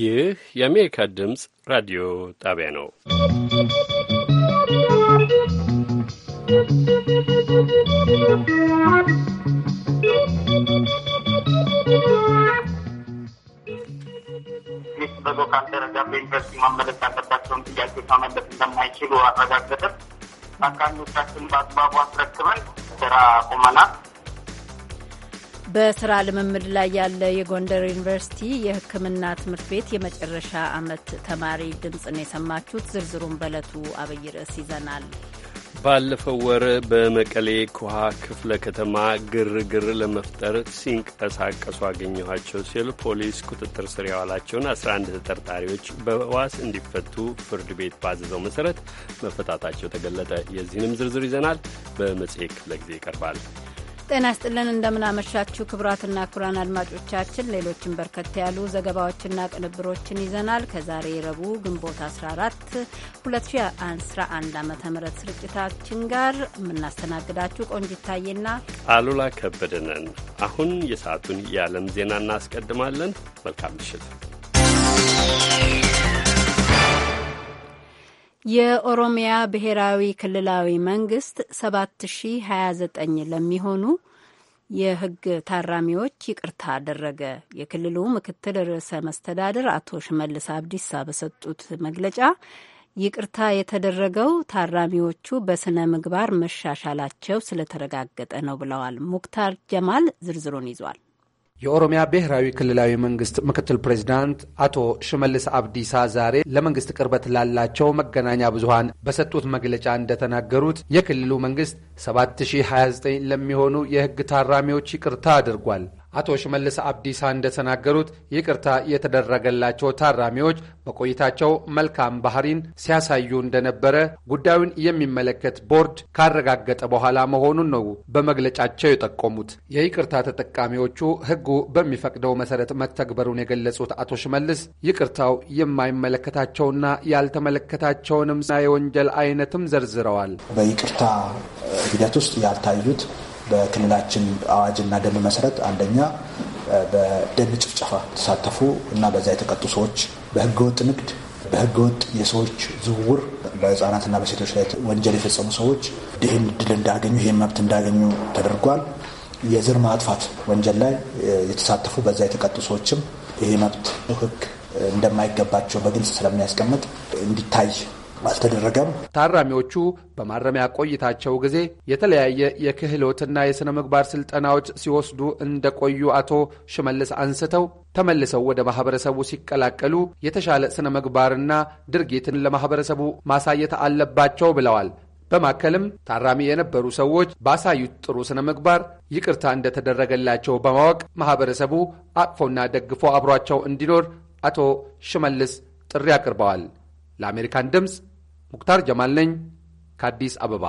ይህ የአሜሪካ ድምፅ ራዲዮ ጣቢያ ነው። ይህ በሎካል ደረጃ በዩኒቨርሲቲ ማመለስ ያለባቸውን ጥያቄ ማመለስ እንደማይችሉ አረጋገጥም ታካሚዎቻችን በአግባቡ አስረክበን ስራ ቁመናል። በስራ ልምምድ ላይ ያለ የጎንደር ዩኒቨርሲቲ የሕክምና ትምህርት ቤት የመጨረሻ ዓመት ተማሪ ነው የሰማችሁት። ዝርዝሩን በዕለቱ አብይ ርዕስ ይዘናል። ባለፈው ወር በመቀሌ ኩሃ ክፍለ ከተማ ግርግር ለመፍጠር ሲንቀሳቀሱ አገኘኋቸው ሲል ፖሊስ ቁጥጥር ስር ያዋላቸውን 11 ተጠርጣሪዎች በዋስ እንዲፈቱ ፍርድ ቤት ባዘዘው መሠረት መፈታታቸው ተገለጠ። የዚህንም ዝርዝር ይዘናል። በመጽሔት ክፍለ ጊዜ ይቀርባል። ጤና ይስጥልን እንደምናመሻችሁ ክቡራትና ክቡራን አድማጮቻችን ሌሎችን በርከት ያሉ ዘገባዎችና ቅንብሮችን ይዘናል። ከዛሬ ረቡዕ ግንቦት 14 2011 ዓ ም ስርጭታችን ጋር የምናስተናግዳችሁ ቆንጅ ታዬና አሉላ ከበደ ነን። አሁን የሰዓቱን የዓለም ዜና እናስቀድማለን። መልካም ምሽት። የኦሮሚያ ብሔራዊ ክልላዊ መንግስት 7029 ለሚሆኑ የህግ ታራሚዎች ይቅርታ አደረገ። የክልሉ ምክትል ርዕሰ መስተዳድር አቶ ሽመልስ አብዲሳ በሰጡት መግለጫ ይቅርታ የተደረገው ታራሚዎቹ በስነ ምግባር መሻሻላቸው ስለተረጋገጠ ነው ብለዋል። ሙክታር ጀማል ዝርዝሩን ይዟል። የኦሮሚያ ብሔራዊ ክልላዊ መንግስት ምክትል ፕሬዚዳንት አቶ ሽመልስ አብዲሳ ዛሬ ለመንግስት ቅርበት ላላቸው መገናኛ ብዙሃን በሰጡት መግለጫ እንደተናገሩት የክልሉ መንግስት 7029 ለሚሆኑ የህግ ታራሚዎች ይቅርታ አድርጓል። አቶ ሽመልስ አብዲሳ እንደተናገሩት ይቅርታ የተደረገላቸው ታራሚዎች በቆይታቸው መልካም ባህሪን ሲያሳዩ እንደነበረ ጉዳዩን የሚመለከት ቦርድ ካረጋገጠ በኋላ መሆኑን ነው በመግለጫቸው የጠቆሙት። የይቅርታ ተጠቃሚዎቹ ሕጉ በሚፈቅደው መሰረት መተግበሩን የገለጹት አቶ ሽመልስ ይቅርታው የማይመለከታቸውና ያልተመለከታቸውንም የወንጀል አይነትም ዘርዝረዋል። በይቅርታ ሂደት ውስጥ ያልታዩት በክልላችን አዋጅና ደንብ መሰረት አንደኛ በደን ጭፍጨፋ ተሳተፉ እና በዛ የተቀጡ ሰዎች፣ በህገወጥ ንግድ፣ በህገወጥ የሰዎች ዝውውር፣ በህፃናትና በሴቶች ላይ ወንጀል የፈጸሙ ሰዎች ይህን እድል እንዳገኙ ይህን መብት እንዳገኙ ተደርጓል። የዘር ማጥፋት ወንጀል ላይ የተሳተፉ በዛ የተቀጡ ሰዎችም ይህ መብት ህግ እንደማይገባቸው በግልጽ ስለሚያስቀምጥ እንዲታይ አልተደረገም። ታራሚዎቹ በማረሚያ ቆይታቸው ጊዜ የተለያየ የክህሎትና የሥነ ምግባር ስልጠናዎች ሲወስዱ እንደቆዩ አቶ ሽመልስ አንስተው ተመልሰው ወደ ማህበረሰቡ ሲቀላቀሉ የተሻለ ስነ ምግባርና ድርጊትን ለማህበረሰቡ ማሳየት አለባቸው ብለዋል። በማከልም ታራሚ የነበሩ ሰዎች ባሳዩት ጥሩ ስነ ምግባር ይቅርታ እንደተደረገላቸው በማወቅ ማህበረሰቡ አቅፎና ደግፎ አብሯቸው እንዲኖር አቶ ሽመልስ ጥሪ አቅርበዋል። ለአሜሪካን ድምፅ ሙክታር ጀማል ነኝ ከአዲስ አበባ።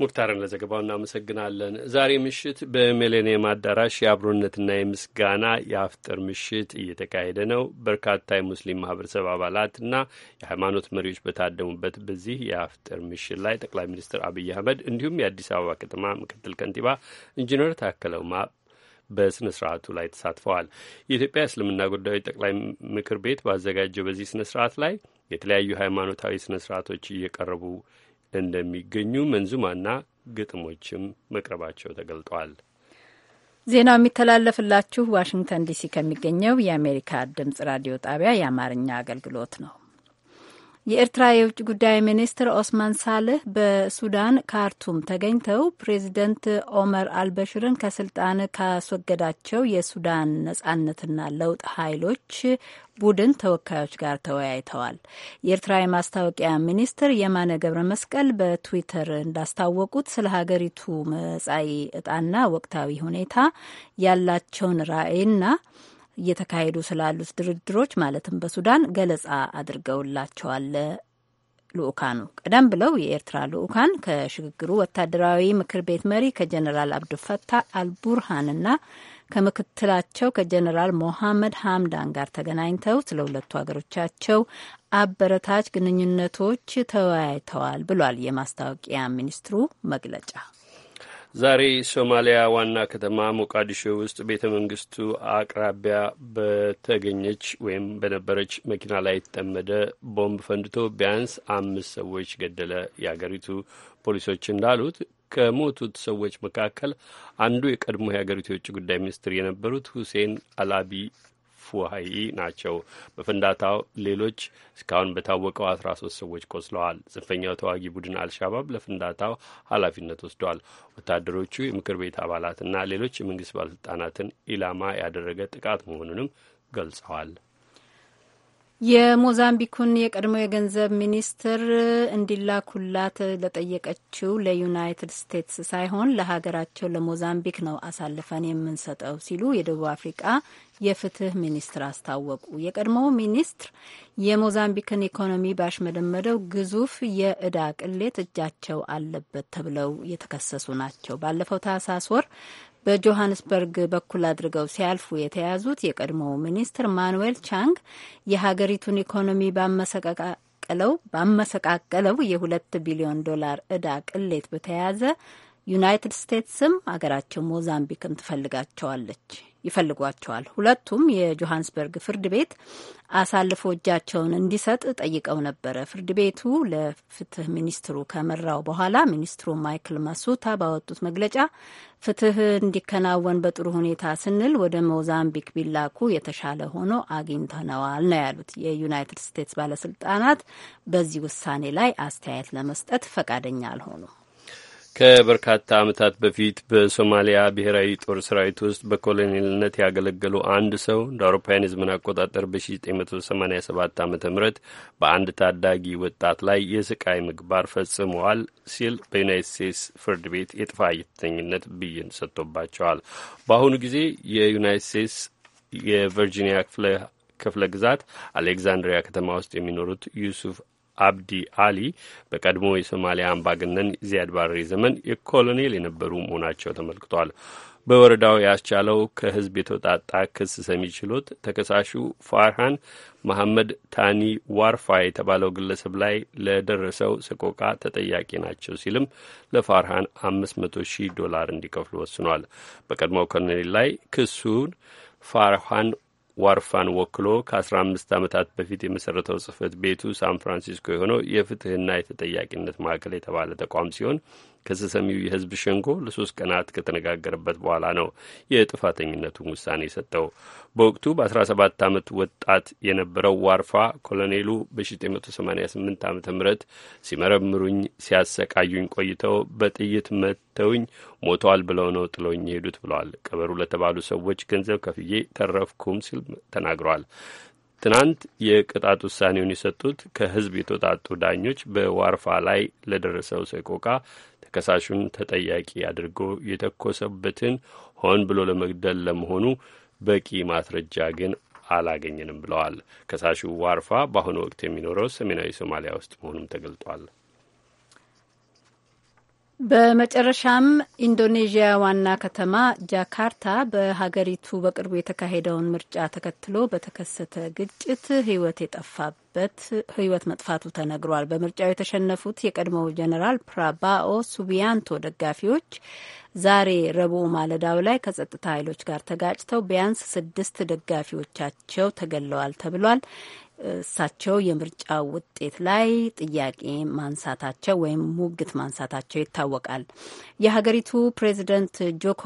ሙክታርን ለዘገባው እናመሰግናለን። ዛሬ ምሽት በሚሌኒየም አዳራሽ የአብሮነትና የምስጋና የአፍጥር ምሽት እየተካሄደ ነው። በርካታ የሙስሊም ማህበረሰብ አባላትና የሃይማኖት መሪዎች በታደሙበት በዚህ የአፍጥር ምሽት ላይ ጠቅላይ ሚኒስትር አብይ አህመድ እንዲሁም የአዲስ አበባ ከተማ ምክትል ከንቲባ ኢንጂነር ታከለ ኡማ በስነ ስርዓቱ ላይ ተሳትፈዋል። የኢትዮጵያ እስልምና ጉዳዮች ጠቅላይ ምክር ቤት ባዘጋጀው በዚህ ስነ ስርዓት ላይ የተለያዩ ሃይማኖታዊ ስነ ስርዓቶች እየቀረቡ እንደሚገኙ መንዙማና ግጥሞችም መቅረባቸው ተገልጧል። ዜናው የሚተላለፍላችሁ ዋሽንግተን ዲሲ ከሚገኘው የአሜሪካ ድምጽ ራዲዮ ጣቢያ የአማርኛ አገልግሎት ነው። የኤርትራ የውጭ ጉዳይ ሚኒስትር ኦስማን ሳልህ በሱዳን ካርቱም ተገኝተው ፕሬዚደንት ኦመር አልበሽርን ከስልጣን ካስወገዳቸው የሱዳን ነጻነትና ለውጥ ኃይሎች ቡድን ተወካዮች ጋር ተወያይተዋል። የኤርትራ የማስታወቂያ ሚኒስትር የማነ ገብረ መስቀል በትዊተር እንዳስታወቁት ስለ ሀገሪቱ መጻኢ እጣና ወቅታዊ ሁኔታ ያላቸውን ራዕይና እየተካሄዱ ስላሉት ድርድሮች ማለትም በሱዳን ገለጻ አድርገውላቸዋል። ልኡካኑ ቀደም ብለው የኤርትራ ልኡካን ከሽግግሩ ወታደራዊ ምክር ቤት መሪ ከጀነራል አብዱፈታህ አልቡርሃንና ከምክትላቸው ከጀነራል ሞሐመድ ሀምዳን ጋር ተገናኝተው ስለ ሁለቱ ሀገሮቻቸው አበረታች ግንኙነቶች ተወያይተዋል ብሏል የማስታወቂያ ሚኒስትሩ መግለጫ። ዛሬ ሶማሊያ ዋና ከተማ ሞቃዲሾ ውስጥ ቤተ መንግስቱ አቅራቢያ በተገኘች ወይም በነበረች መኪና ላይ የተጠመደ ቦምብ ፈንድቶ ቢያንስ አምስት ሰዎች ገደለ። የአገሪቱ ፖሊሶች እንዳሉት ከሞቱት ሰዎች መካከል አንዱ የቀድሞ የሀገሪቱ የውጭ ጉዳይ ሚኒስትር የነበሩት ሁሴን አላቢ ፉሀይ ናቸው። በፍንዳታው ሌሎች እስካሁን በታወቀው አስራ ሶስት ሰዎች ቆስለዋል። ጽንፈኛው ተዋጊ ቡድን አልሻባብ ለፍንዳታው ኃላፊነት ወስዷል። ወታደሮቹ የምክር ቤት አባላትና ሌሎች የመንግስት ባለስልጣናትን ኢላማ ያደረገ ጥቃት መሆኑንም ገልጸዋል። የሞዛምቢኩን የቀድሞ የገንዘብ ሚኒስትር እንዲላኩላት ለጠየቀችው ለዩናይትድ ስቴትስ ሳይሆን ለሀገራቸው ለሞዛምቢክ ነው አሳልፈን የምንሰጠው ሲሉ የደቡብ አፍሪቃ የፍትህ ሚኒስትር አስታወቁ። የቀድሞው ሚኒስትር የሞዛምቢክን ኢኮኖሚ ባሽመደመደው ግዙፍ የእዳ ቅሌት እጃቸው አለበት ተብለው የተከሰሱ ናቸው። ባለፈው ታህሳስ ወር በጆሀንስበርግ በኩል አድርገው ሲያልፉ የተያዙት የቀድሞው ሚኒስትር ማኑዌል ቻንግ የሀገሪቱን ኢኮኖሚ ባመሰቀቃ ባመሰቃቀለው የሁለት ቢሊዮን ዶላር እዳ ቅሌት በተያያዘ ዩናይትድ ስቴትስም አገራቸው ሞዛምቢክም ትፈልጋቸዋለች። ይፈልጓቸዋል። ሁለቱም የጆሃንስበርግ ፍርድ ቤት አሳልፎ እጃቸውን እንዲሰጥ ጠይቀው ነበረ። ፍርድ ቤቱ ለፍትህ ሚኒስትሩ ከመራው በኋላ ሚኒስትሩ ማይክል ማሱታ ባወጡት መግለጫ ፍትህ እንዲከናወን በጥሩ ሁኔታ ስንል ወደ ሞዛምቢክ ቢላኩ የተሻለ ሆኖ አግኝተነዋል ነው ያሉት። የዩናይትድ ስቴትስ ባለስልጣናት በዚህ ውሳኔ ላይ አስተያየት ለመስጠት ፈቃደኛ አልሆኑም። ከበርካታ ዓመታት በፊት በሶማሊያ ብሔራዊ ጦር ሰራዊት ውስጥ በኮሎኔልነት ያገለገሉ አንድ ሰው እንደ አውሮፓውያን የዘመን አቆጣጠር በ1987 ዓ ም በአንድ ታዳጊ ወጣት ላይ የስቃይ ምግባር ፈጽመዋል ሲል በዩናይት ስቴትስ ፍርድ ቤት የጥፋተኝነት ብይን ሰጥቶባቸዋል። በአሁኑ ጊዜ የዩናይት ስቴትስ የቨርጂኒያ ክፍለ ግዛት አሌግዛንድሪያ ከተማ ውስጥ የሚኖሩት ዩሱፍ አብዲ አሊ በቀድሞ የሶማሊያ አምባገነን ዚያድ ባሬ ዘመን የኮሎኔል የነበሩ መሆናቸው ተመልክቷል። በወረዳው ያስቻለው ከህዝብ የተውጣጣ ክስ ሰሚ ችሎት ተከሳሹ ፋርሃን መሐመድ ታኒ ዋርፋ የተባለው ግለሰብ ላይ ለደረሰው ሰቆቃ ተጠያቂ ናቸው ሲልም ለፋርሃን አምስት መቶ ሺህ ዶላር እንዲከፍሉ ወስኗል። በቀድሞው ኮሎኔል ላይ ክሱን ፋርሃን ዋርፋን ወክሎ ከ15 ዓመታት በፊት የመሠረተው ጽህፈት ቤቱ ሳን ፍራንሲስኮ የሆነው የፍትህና የተጠያቂነት ማዕከል የተባለ ተቋም ሲሆን ከሰሰሚው የህዝብ ሸንጎ ለሶስት ቀናት ከተነጋገረበት በኋላ ነው የጥፋተኝነቱን ውሳኔ ሰጠው። በወቅቱ በ17 ዓመት ወጣት የነበረው ዋርፋ ኮሎኔሉ በ1988 ዓ ም ሲመረምሩኝ ሲያሰቃዩኝ ቆይተው በጥይት መተውኝ ሞተዋል ብለው ነው ጥለውኝ የሄዱት ብለዋል። ቀበሩ ለተባሉ ሰዎች ገንዘብ ከፍዬ ተረፍኩም ሲል ተናግረዋል። ትናንት የቅጣት ውሳኔውን የሰጡት ከህዝብ የተወጣጡ ዳኞች በዋርፋ ላይ ለደረሰው ሰቆቃ ከሳሹን ተጠያቂ አድርጎ የተኮሰበትን ሆን ብሎ ለመግደል ለመሆኑ በቂ ማስረጃ ግን አላገኘንም ብለዋል። ከሳሹ ዋርፋ በአሁኑ ወቅት የሚኖረው ሰሜናዊ ሶማሊያ ውስጥ መሆኑም ተገልጧል። በመጨረሻም ኢንዶኔዥያ ዋና ከተማ ጃካርታ በሀገሪቱ በቅርቡ የተካሄደውን ምርጫ ተከትሎ በተከሰተ ግጭት ሕይወት የጠፋበት ሕይወት መጥፋቱ ተነግሯል። በምርጫው የተሸነፉት የቀድሞው ጀኔራል ፕራባኦ ሱቢያንቶ ደጋፊዎች ዛሬ ረቡዕ ማለዳው ላይ ከጸጥታ ኃይሎች ጋር ተጋጭተው ቢያንስ ስድስት ደጋፊዎቻቸው ተገለዋል ተብሏል። እሳቸው የምርጫ ውጤት ላይ ጥያቄ ማንሳታቸው ወይም ሙግት ማንሳታቸው ይታወቃል። የሀገሪቱ ፕሬዚደንት ጆኮ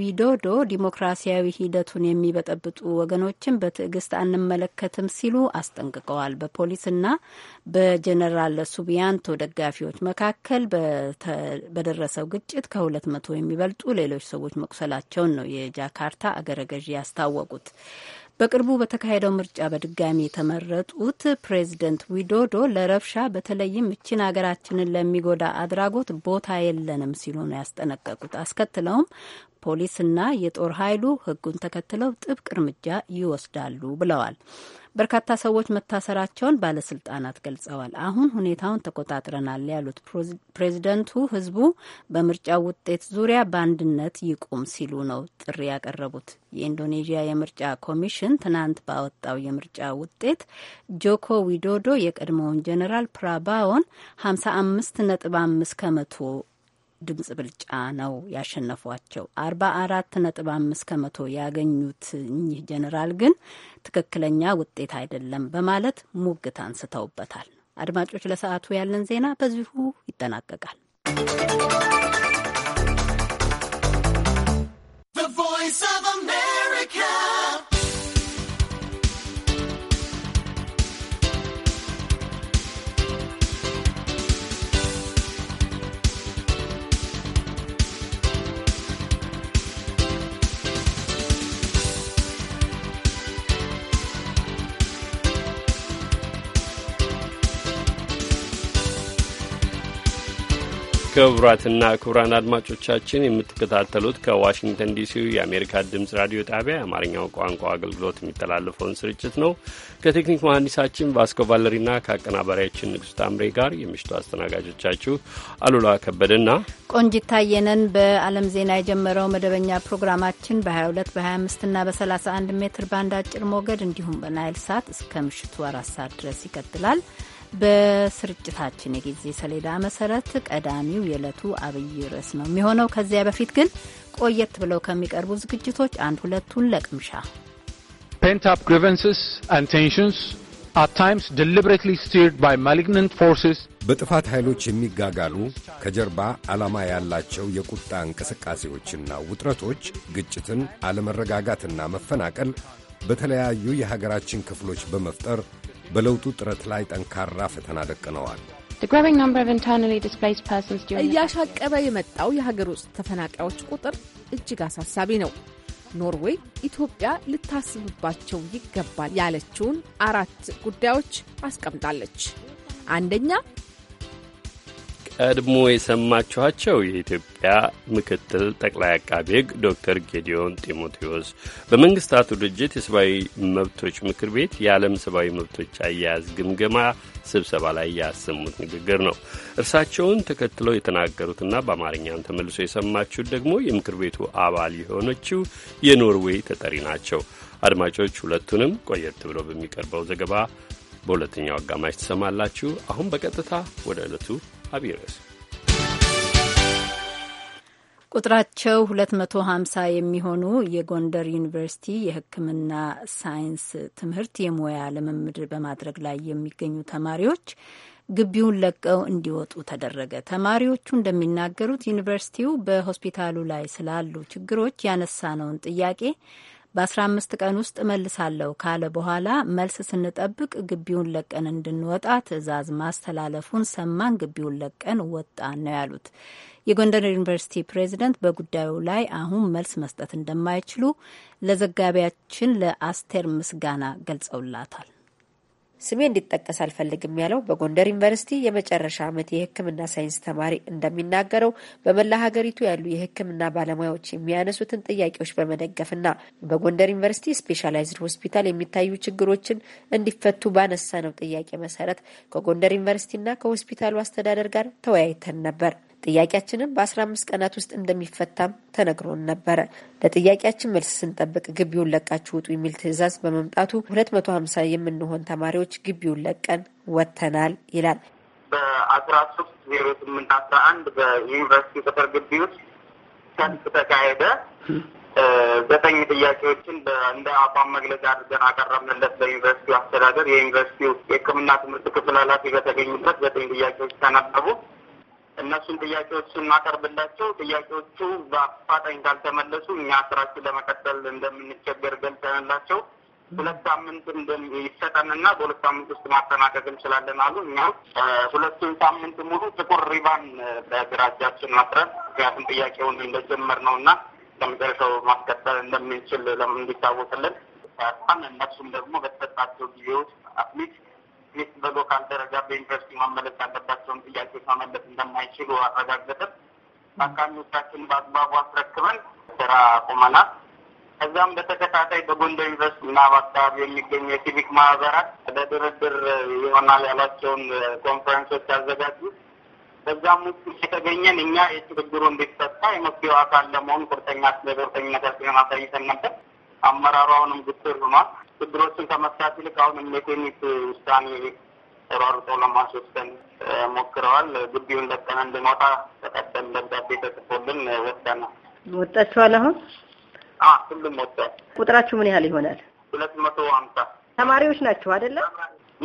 ዊዶዶ ዲሞክራሲያዊ ሂደቱን የሚበጠብጡ ወገኖችን በትዕግስት አንመለከትም ሲሉ አስጠንቅቀዋል። በፖሊስና በጀነራል ሱቢያንቶ ደጋፊዎች መካከል በደረሰው ግጭት ከሁለት መቶ የሚበልጡ ሌሎች ሰዎች መቁሰላቸውን ነው የጃካርታ አገረ ገዢ ያስታወቁት። በቅርቡ በተካሄደው ምርጫ በድጋሚ የተመረጡት ፕሬዚደንት ዊዶዶ ለረብሻ በተለይም እችን ሀገራችንን ለሚጎዳ አድራጎት ቦታ የለንም ሲሉ ነው ያስጠነቀቁት። አስከትለውም ፖሊስና የጦር ኃይሉ ሕጉን ተከትለው ጥብቅ እርምጃ ይወስዳሉ ብለዋል። በርካታ ሰዎች መታሰራቸውን ባለስልጣናት ገልጸዋል። አሁን ሁኔታውን ተቆጣጥረናል ያሉት ፕሬዚደንቱ ህዝቡ በምርጫው ውጤት ዙሪያ በአንድነት ይቁም ሲሉ ነው ጥሪ ያቀረቡት። የኢንዶኔዥያ የምርጫ ኮሚሽን ትናንት ባወጣው የምርጫ ውጤት ጆኮ ዊዶዶ የቀድሞውን ጀኔራል ፕራባዎን 55 ነጥብ 5 ከመቶ ድምፅ ብልጫ ነው ያሸነፏቸው። አርባ አራት ነጥብ አምስት ከመቶ ያገኙት እኚህ ጀኔራል ግን ትክክለኛ ውጤት አይደለም በማለት ሙግት አንስተውበታል። አድማጮች፣ ለሰዓቱ ያለን ዜና በዚሁ ይጠናቀቃል። ክቡራትና ክቡራን አድማጮቻችን የምትከታተሉት ከዋሽንግተን ዲሲ የአሜሪካ ድምፅ ራዲዮ ጣቢያ የአማርኛው ቋንቋ አገልግሎት የሚተላለፈውን ስርጭት ነው። ከቴክኒክ መሐንዲሳችን ቫስኮ ቫለሪና ከአቀናባሪያችን ንጉሥ ታምሬ ጋር የምሽቱ አስተናጋጆቻችሁ አሉላ ከበደና ቆንጂት ታየ በዓለም ዜና የጀመረው መደበኛ ፕሮግራማችን በ22 በ25ና በ31 ሜትር ባንድ አጭር ሞገድ እንዲሁም በናይል ሳት እስከ ምሽቱ አራት ሰዓት ድረስ ይቀጥላል። በስርጭታችን የጊዜ ሰሌዳ መሰረት ቀዳሚው የዕለቱ አብይ ርዕስ ነው የሚሆነው። ከዚያ በፊት ግን ቆየት ብለው ከሚቀርቡ ዝግጅቶች አንድ ሁለቱን ለቅምሻ ፔንታፕ ግሪቨንስስ grievances ቴንሽንስ tensions at times deliberately በጥፋት ኃይሎች የሚጋጋሉ ከጀርባ ዓላማ ያላቸው የቁጣ እንቅስቃሴዎችና ውጥረቶች ግጭትን፣ አለመረጋጋትና መፈናቀል በተለያዩ የሀገራችን ክፍሎች በመፍጠር በለውጡ ጥረት ላይ ጠንካራ ፈተና ደቅነዋል። እያሻቀበ የመጣው የሀገር ውስጥ ተፈናቃዮች ቁጥር እጅግ አሳሳቢ ነው። ኖርዌይ ኢትዮጵያ ልታስብባቸው ይገባል ያለችውን አራት ጉዳዮች አስቀምጣለች። አንደኛ ቀድሞ የሰማችኋቸው የኢትዮጵያ ምክትል ጠቅላይ አቃቤ ሕግ ዶክተር ጌዲዮን ጢሞቴዎስ በመንግስታቱ ድርጅት የሰብአዊ መብቶች ምክር ቤት የዓለም ሰብአዊ መብቶች አያያዝ ግምገማ ስብሰባ ላይ ያሰሙት ንግግር ነው። እርሳቸውን ተከትለው የተናገሩትና በአማርኛም ተመልሶ የሰማችሁት ደግሞ የምክር ቤቱ አባል የሆነችው የኖርዌይ ተጠሪ ናቸው። አድማጮች ሁለቱንም ቆየት ብሎ በሚቀርበው ዘገባ በሁለተኛው አጋማሽ ትሰማላችሁ። አሁን በቀጥታ ወደ ዕለቱ አብይ ቁጥራቸው 250 የሚሆኑ የጎንደር ዩኒቨርሲቲ የሕክምና ሳይንስ ትምህርት የሙያ ልምምድ በማድረግ ላይ የሚገኙ ተማሪዎች ግቢውን ለቀው እንዲወጡ ተደረገ። ተማሪዎቹ እንደሚናገሩት ዩኒቨርሲቲው በሆስፒታሉ ላይ ስላሉ ችግሮች ያነሳነውን ጥያቄ በ15 ቀን ውስጥ እመልሳለሁ ካለ በኋላ መልስ ስንጠብቅ ግቢውን ለቀን እንድንወጣ ትዕዛዝ ማስተላለፉን ሰማን። ግቢውን ለቀን ወጣን ነው ያሉት። የጎንደር ዩኒቨርሲቲ ፕሬዚደንት በጉዳዩ ላይ አሁን መልስ መስጠት እንደማይችሉ ለዘጋቢያችን ለአስቴር ምስጋና ገልጸውላታል። ስሜ እንዲጠቀስ አልፈልግም ያለው በጎንደር ዩኒቨርሲቲ የመጨረሻ ዓመት የሕክምና ሳይንስ ተማሪ እንደሚናገረው በመላ ሀገሪቱ ያሉ የሕክምና ባለሙያዎች የሚያነሱትን ጥያቄዎች በመደገፍና በጎንደር ዩኒቨርሲቲ ስፔሻላይዝድ ሆስፒታል የሚታዩ ችግሮችን እንዲፈቱ ባነሳ ነው ጥያቄ መሰረት ከጎንደር ዩኒቨርሲቲና ከሆስፒታሉ አስተዳደር ጋር ተወያይተን ነበር። ጥያቄያችንን በ15 ቀናት ውስጥ እንደሚፈታም ተነግሮን ነበረ። ለጥያቄያችን መልስ ስንጠብቅ ግቢውን ለቃችሁ ውጡ የሚል ትዕዛዝ በመምጣቱ 250 የምንሆን ተማሪዎች ግቢውን ለቀን ወጥተናል ይላል። በአስራ ሶስት ዜሮ ስምንት አስራ አንድ በዩኒቨርሲቲ ቅጥር ግቢ ውስጥ ሰልፍ ተካሄደ። ዘጠኝ ጥያቄዎችን እንደ አቋም መግለጫ አድርገን አቀረብንለት ለዩኒቨርሲቲው አስተዳደር። የዩኒቨርሲቲው የሕክምና ትምህርት ክፍል ኃላፊ በተገኙበት ዘጠኝ ጥያቄዎች ተነበቡ። እነሱም ጥያቄዎችን ማቀርብላቸው ጥያቄዎቹ በአፋጣኝ ካልተመለሱ እኛ ስራችን ለመቀጠል እንደምንቸገር ገልጸንላቸው ሁለት ሳምንት ይሰጠንና በሁለት ሳምንት ውስጥ ማጠናቀቅ እንችላለን አሉ። እኛ ሁለቱን ሳምንት ሙሉ ጥቁር ሪባን በግራ እጃችን ማስረት ምክንያቱም ጥያቄውን እንደጀመር ነው እና ለመጨረሻው ማስቀጠል እንደምንችል እንዲታወቅልን እነሱም ደግሞ በተሰጣቸው ጊዜ ውስጥ አትሊስት ኬስ በሎካል ደረጃ በዩኒቨርሲቲ መመለስ ያለባቸውን ጥያቄዎች መመለስ እንደማይችሉ አረጋገጠን። ታካሚዎቻችን በአግባቡ አስረክበን ስራ ቁመናል። ከዚያም በተከታታይ በጎንደር ዩኒቨርሲቲ እና በአካባቢ የሚገኙ የሲቪክ ማህበራት ለድርድር ይሆናል ያሏቸውን ኮንፈረንሶች ያዘጋጁ። በዛም ውስጥ የተገኘን እኛ የችግሩ እንዲፈታ የመፍትሄው አካል ለመሆን ቁርጠኛ ስለቁርጠኝነታችንን አሳይተን ነበር። አሁንም ግትር ሆኗል። ችግሮችን ከመፍታት ይልቅ አሁን የቴክኒክ ውሳኔ ተሯሩጠው ለማስወሰን ሞክረዋል። ግቢውን ለቀን እንድንወጣ ተቀጠል ደብዳቤ ተጽፎልን ወጥተናል። ወጣችኋል? አሁን ሁሉም ወጥቷል። ቁጥራችሁ ምን ያህል ይሆናል? ሁለት መቶ ሀምሳ ተማሪዎች ናችሁ አይደለም?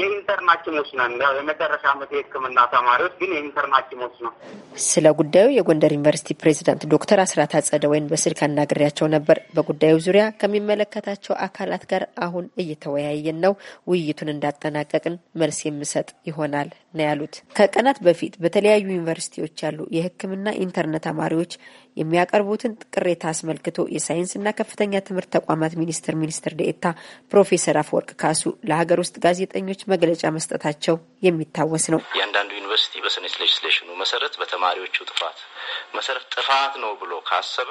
የኢንተርን ሐኪሞች ነን። የመጨረሻ ዓመት የሕክምና ተማሪዎች ግን የኢንተርን ነው። ስለ ጉዳዩ የጎንደር ዩኒቨርሲቲ ፕሬዚዳንት ዶክተር አስራት አጸደ ወይን በስልክ አናግሬያቸው ነበር። በጉዳዩ ዙሪያ ከሚመለከታቸው አካላት ጋር አሁን እየተወያየን ነው። ውይይቱን እንዳጠናቀቅን መልስ የምሰጥ ይሆናል ነው ያሉት። ከቀናት በፊት በተለያዩ ዩኒቨርሲቲዎች ያሉ የሕክምና ኢንተርን ተማሪዎች የሚያቀርቡትን ቅሬታ አስመልክቶ የሳይንስና ከፍተኛ ትምህርት ተቋማት ሚኒስቴር ሚኒስትር ዴኤታ ፕሮፌሰር አፈወርቅ ካሱ ለሀገር ውስጥ ጋዜጠኞች መግለጫ መስጠታቸው የሚታወስ ነው። እያንዳንዱ ዩኒቨርሲቲ በሰነች ሌጅስሌሽኑ መሰረት በተማሪዎቹ ጥፋት መሰረት ጥፋት ነው ብሎ ካሰበ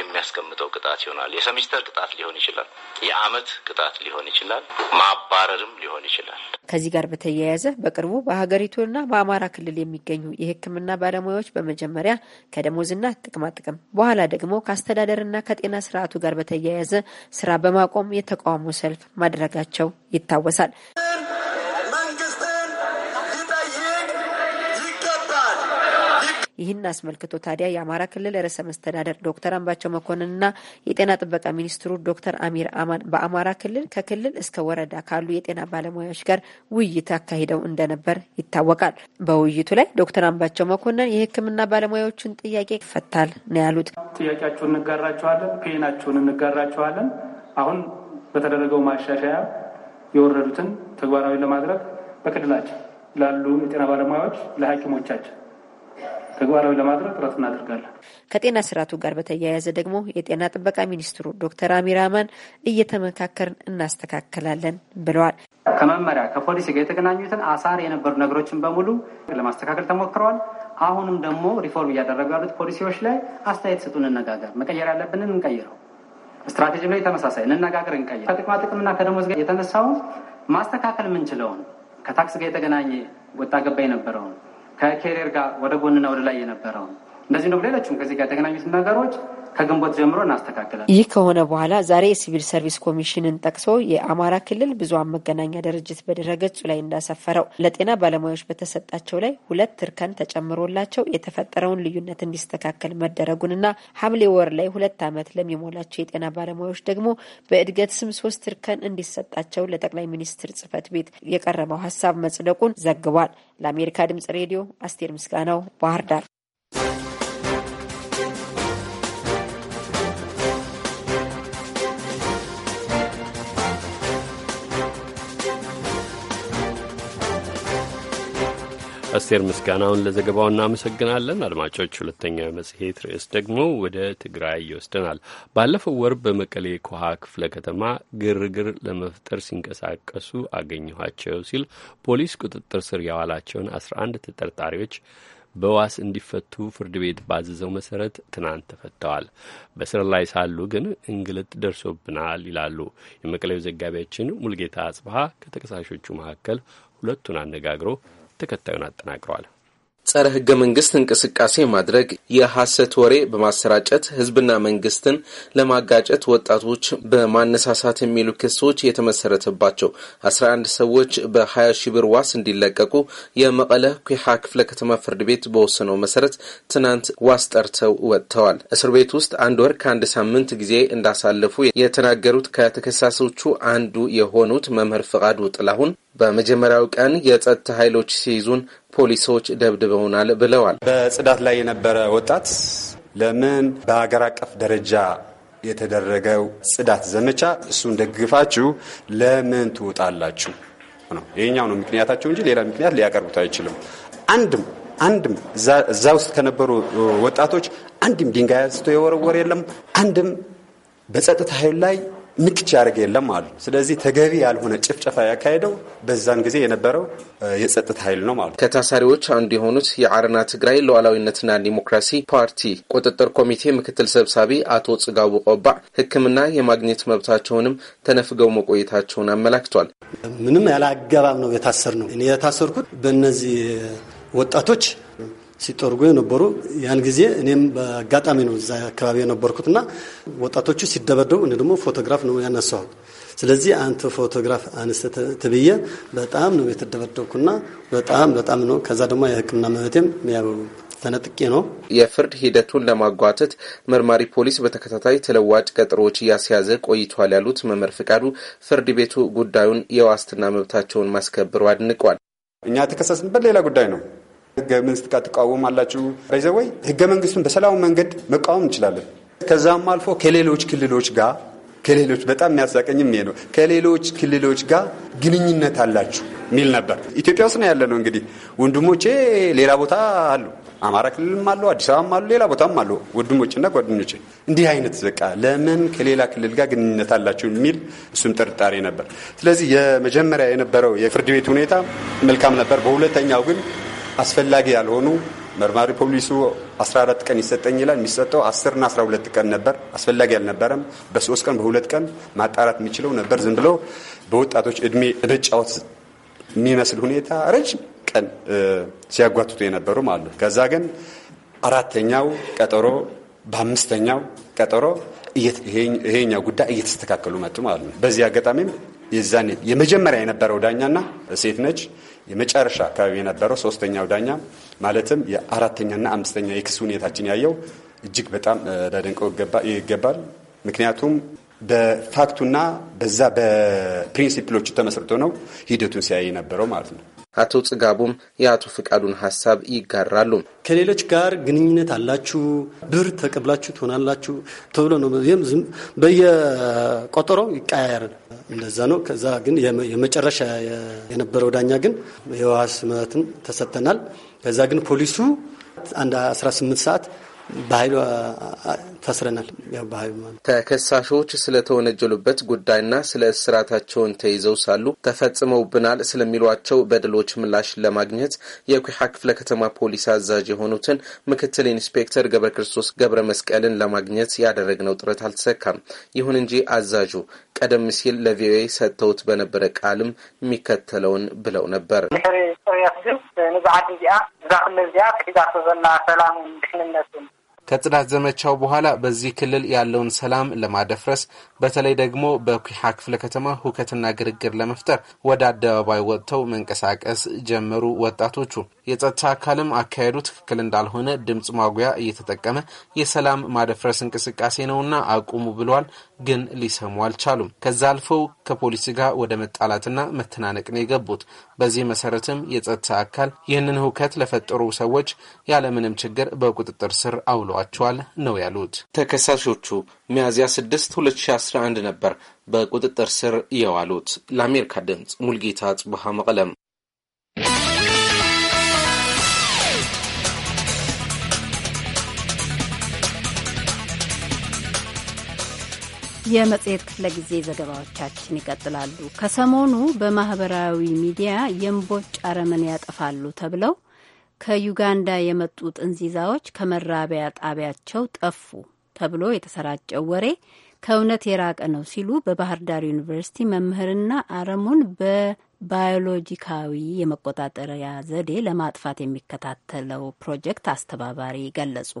የሚያስቀምጠው ቅጣት ይሆናል። የሰሚስተር ቅጣት ሊሆን ይችላል፣ የአመት ቅጣት ሊሆን ይችላል፣ ማባረርም ሊሆን ይችላል። ከዚህ ጋር በተያያዘ በቅርቡ በሀገሪቱና በአማራ ክልል የሚገኙ የሕክምና ባለሙያዎች በመጀመሪያ ከደሞዝና ጥቅማ ጥቅም በኋላ ደግሞ ከአስተዳደርና ከጤና ስርዓቱ ጋር በተያያዘ ስራ በማቆም የተቃውሞ ሰልፍ ማድረጋቸው ይታወሳል። ይህን አስመልክቶ ታዲያ የአማራ ክልል ርዕሰ መስተዳደር ዶክተር አምባቸው መኮንንና የጤና ጥበቃ ሚኒስትሩ ዶክተር አሚር አማን በአማራ ክልል ከክልል እስከ ወረዳ ካሉ የጤና ባለሙያዎች ጋር ውይይት አካሂደው እንደነበር ይታወቃል። በውይይቱ ላይ ዶክተር አምባቸው መኮንን የሕክምና ባለሙያዎችን ጥያቄ ይፈታል ነው ያሉት። ጥያቄያችሁን እንጋራችኋለን፣ ፔናችሁን እንጋራችኋለን። አሁን በተደረገው ማሻሻያ የወረዱትን ተግባራዊ ለማድረግ በክልላችን ላሉ የጤና ባለሙያዎች ለሐኪሞቻችን ተግባራዊ ለማድረግ ጥረት እናደርጋለን። ከጤና ስርዓቱ ጋር በተያያዘ ደግሞ የጤና ጥበቃ ሚኒስትሩ ዶክተር አሚር አማን እየተመካከርን እናስተካከላለን ብለዋል። ከመመሪያ ከፖሊሲ ጋር የተገናኙትን አሳር የነበሩ ነገሮችን በሙሉ ለማስተካከል ተሞክረዋል። አሁንም ደግሞ ሪፎርም እያደረጉ ያሉት ፖሊሲዎች ላይ አስተያየት ስጡ፣ እንነጋገር። መቀየር ያለብንን እንቀይረው። ስትራቴጂ ላይ ተመሳሳይ እንነጋገር፣ እንቀይር። ከጥቅማ ጥቅምና ከደሞዝ ጋር የተነሳውን ማስተካከል የምንችለውን ከታክስ ጋር የተገናኘ ወጣ ገባ የነበረውን ከኬሪየር ጋር ወደ ጎንና ወደ ላይ የነበረውን እንደዚህ ደግሞ ሌሎችም ከዚህ ጋር የተገናኙት ነገሮች ከግንቦት ጀምሮ እናስተካክላል። ይህ ከሆነ በኋላ ዛሬ የሲቪል ሰርቪስ ኮሚሽንን ጠቅሶ የአማራ ክልል ብዙኃን መገናኛ ድርጅት በድረገጹ ላይ እንዳሰፈረው ለጤና ባለሙያዎች በተሰጣቸው ላይ ሁለት እርከን ተጨምሮላቸው የተፈጠረውን ልዩነት እንዲስተካከል መደረጉንና ሐምሌ ወር ላይ ሁለት ዓመት ለሚሞላቸው የጤና ባለሙያዎች ደግሞ በእድገት ስም ሶስት እርከን እንዲሰጣቸው ለጠቅላይ ሚኒስትር ጽህፈት ቤት የቀረበው ሀሳብ መጽደቁን ዘግቧል። ለአሜሪካ ድምጽ ሬዲዮ አስቴር ምስጋናው ባህር ዳር። አስቴር ምስጋናውን ለዘገባው እናመሰግናለን። አድማጮች፣ ሁለተኛው የመጽሔት ርዕስ ደግሞ ወደ ትግራይ ይወስደናል። ባለፈው ወር በመቀሌ ኮሃ ክፍለ ከተማ ግርግር ለመፍጠር ሲንቀሳቀሱ አገኘኋቸው ሲል ፖሊስ ቁጥጥር ስር ያዋላቸውን አንድ ተጠርጣሪዎች በዋስ እንዲፈቱ ፍርድ ቤት ባዘዘው መሰረት ትናንት ተፈተዋል። በስር ላይ ሳሉ ግን እንግልት ደርሶብናል ይላሉ የመቀሌው ዘጋቢያችን ሙልጌታ አጽብሃ ከተከሳሾቹ መካከል ሁለቱን አነጋግሮ ተከታዩን አጠናቅረዋል። ጸረ ህገ መንግስት እንቅስቃሴ ማድረግ፣ የሐሰት ወሬ በማሰራጨት ህዝብና መንግስትን ለማጋጨት ወጣቶች በማነሳሳት የሚሉ ክሶች የተመሰረተባቸው 11 ሰዎች በ20 ሺ ብር ዋስ እንዲለቀቁ የመቀለ ኩሓ ክፍለ ከተማ ፍርድ ቤት በወሰነው መሰረት ትናንት ዋስ ጠርተው ወጥተዋል። እስር ቤት ውስጥ አንድ ወር ከአንድ ሳምንት ጊዜ እንዳሳለፉ የተናገሩት ከተከሳሶቹ አንዱ የሆኑት መምህር ፍቃዱ ጥላሁን በመጀመሪያው ቀን የጸጥታ ኃይሎች ሲይዙን ፖሊሶች ደብድበውናል ብለዋል። በጽዳት ላይ የነበረ ወጣት ለምን በሀገር አቀፍ ደረጃ የተደረገው ጽዳት ዘመቻ እሱን ደግፋችሁ ለምን ትወጣላችሁ ነው ይህኛው ነው ምክንያታቸው እንጂ ሌላ ምክንያት ሊያቀርቡት አይችልም። አንድም አንድም እዛ ውስጥ ከነበሩ ወጣቶች አንድም ድንጋይ አንስቶ የወረወር የለም። አንድም በጸጥታ ኃይል ላይ ንክች ያደርግ የለም አሉ። ስለዚህ ተገቢ ያልሆነ ጭፍጨፋ ያካሄደው በዛን ጊዜ የነበረው የጸጥታ ኃይል ነው ማለት። ከታሳሪዎች አንዱ የሆኑት የአረና ትግራይ ሉዓላዊነትና ዲሞክራሲ ፓርቲ ቁጥጥር ኮሚቴ ምክትል ሰብሳቢ አቶ ጽጋቡ ቆባ ሕክምና የማግኘት መብታቸውንም ተነፍገው መቆየታቸውን አመላክቷል። ምንም ያለ አገባብ ነው የታሰር ነው የታሰርኩት በእነዚህ ወጣቶች ሲጠርጉ የነበሩ ያን ጊዜ እኔም በአጋጣሚ ነው እዛ አካባቢ የነበርኩት እና ወጣቶቹ ሲደበደቡ እኔ ደግሞ ፎቶግራፍ ነው ያነሳሁት። ስለዚህ አንተ ፎቶግራፍ አንስተ ትብዬ በጣም ነው የተደበደብኩና በጣም በጣም ነው። ከዛ ደግሞ የሕክምና መብቴም ያው ተነጥቄ ነው። የፍርድ ሂደቱን ለማጓተት መርማሪ ፖሊስ በተከታታይ ተለዋጭ ቀጠሮዎች እያስያዘ ቆይቷል ያሉት መመር ፍቃዱ ፍርድ ቤቱ ጉዳዩን የዋስትና መብታቸውን ማስከበሩ አድንቋል። እኛ የተከሰስንበት ሌላ ጉዳይ ነው። ህገ መንግስት ጋር ትቃወማላችሁ ባይዘወይ ህገ መንግስቱን በሰላም መንገድ መቃወም እንችላለን። ከዛም አልፎ ከሌሎች ክልሎች ጋር ከሌሎች በጣም የሚያሳቀኝም ይሄ ነው። ከሌሎች ክልሎች ጋር ግንኙነት አላችሁ የሚል ነበር። ኢትዮጵያ ውስጥ ነው ያለ ነው እንግዲህ ወንድሞቼ ሌላ ቦታ አሉ፣ አማራ ክልልም አሉ፣ አዲስ አበባም አሉ፣ ሌላ ቦታም አሉ ወንድሞችና ጓደኞች እንዲህ አይነት በቃ ለምን ከሌላ ክልል ጋር ግንኙነት አላችሁ የሚል እሱም ጥርጣሬ ነበር። ስለዚህ የመጀመሪያ የነበረው የፍርድ ቤት ሁኔታ መልካም ነበር። በሁለተኛው ግን አስፈላጊ ያልሆኑ መርማሪ ፖሊሱ 14 ቀን ይሰጠኝ ይላል። የሚሰጠው 10 እና 12 ቀን ነበር። አስፈላጊ ያልነበረም በሶስት ቀን በሁለት ቀን ማጣራት የሚችለው ነበር። ዝም ብሎ በወጣቶች እድሜ መጫወት የሚመስል ሁኔታ ረጅም ቀን ሲያጓትቱ የነበሩ አሉ። ከዛ ግን አራተኛው ቀጠሮ በአምስተኛው ቀጠሮ ይሄኛው ጉዳይ እየተስተካከሉ መጡ ማለት ነው። በዚህ አጋጣሚም የዛኔ የመጀመሪያ የነበረው ዳኛና ሴት ነች የመጨረሻ አካባቢ የነበረው ሶስተኛው ዳኛ ማለትም የአራተኛና አምስተኛ የክስ ሁኔታችን ያየው እጅግ በጣም ሊያደንቀው ይገባል። ምክንያቱም በፋክቱና በዛ በፕሪንሲፕሎቹ ተመስርቶ ነው ሂደቱን ሲያይ የነበረው ማለት ነው። አቶ ጽጋቡም የአቶ ፍቃዱን ሀሳብ ይጋራሉ። ከሌሎች ጋር ግንኙነት አላችሁ፣ ብር ተቀብላችሁ ትሆናላችሁ ተብሎ ነው። ዝም በየቆጠሮው ይቀያያር እንደዛ ነው። ከዛ ግን የመጨረሻ የነበረው ዳኛ ግን የዋስ መብትን ተሰጥተናል። ከዛ ግን ፖሊሱ አንድ 18 ሰዓት በኃይሉ ታስረናል። ተከሳሾች ስለተወነጀሉበት ጉዳይና ስለ እስራታቸውን ተይዘው ሳሉ ተፈጽመውብናል ስለሚሏቸው በድሎች ምላሽ ለማግኘት የኩሓ ክፍለ ከተማ ፖሊስ አዛዥ የሆኑትን ምክትል ኢንስፔክተር ገብረ ክርስቶስ ገብረ መስቀልን ለማግኘት ያደረግነው ጥረት አልተሰካም። ይሁን እንጂ አዛዡ ቀደም ሲል ለቪኦኤ ሰጥተውት በነበረ ቃልም የሚከተለውን ብለው ነበር። ነዛ ዓዲ እዚኣ እዛ ክልል እዚኣ ክሒዛቶ ዘላ ሰላምን ድሕንነትን ከጽዳት ዘመቻው በኋላ በዚህ ክልል ያለውን ሰላም ለማደፍረስ በተለይ ደግሞ በኩሓ ክፍለ ከተማ ሁከትና ግርግር ለመፍጠር ወደ አደባባይ ወጥተው መንቀሳቀስ ጀመሩ ወጣቶቹ። የጸጥታ አካልም አካሄዱ ትክክል እንዳልሆነ ድምፅ ማጉያ እየተጠቀመ የሰላም ማደፍረስ እንቅስቃሴ ነውና አቁሙ ብሏል። ግን ሊሰሙ አልቻሉም። ከዛ አልፈው ከፖሊስ ጋር ወደ መጣላትና መተናነቅ ነው የገቡት። በዚህ መሰረትም የጸጥታ አካል ይህንን ሁከት ለፈጠሩ ሰዎች ያለምንም ችግር በቁጥጥር ስር አውሏል። ተይዘዋቸዋል ነው ያሉት። ተከሳሾቹ ሚያዝያ 6 2011 ነበር በቁጥጥር ስር የዋሉት። ለአሜሪካ ድምፅ ሙልጌታ ጽቡሃ መቀለም። የመጽሔት ክፍለ ጊዜ ዘገባዎቻችን ይቀጥላሉ። ከሰሞኑ በማህበራዊ ሚዲያ የእምቦጭ አረምን ያጠፋሉ ተብለው ከዩጋንዳ የመጡ ጥንዚዛዎች ከመራቢያ ጣቢያቸው ጠፉ ተብሎ የተሰራጨው ወሬ ከእውነት የራቀ ነው ሲሉ በባህር ዳር ዩኒቨርሲቲ መምህርና አረሙን በባዮሎጂካዊ የመቆጣጠሪያ ዘዴ ለማጥፋት የሚከታተለው ፕሮጀክት አስተባባሪ ገለጹ።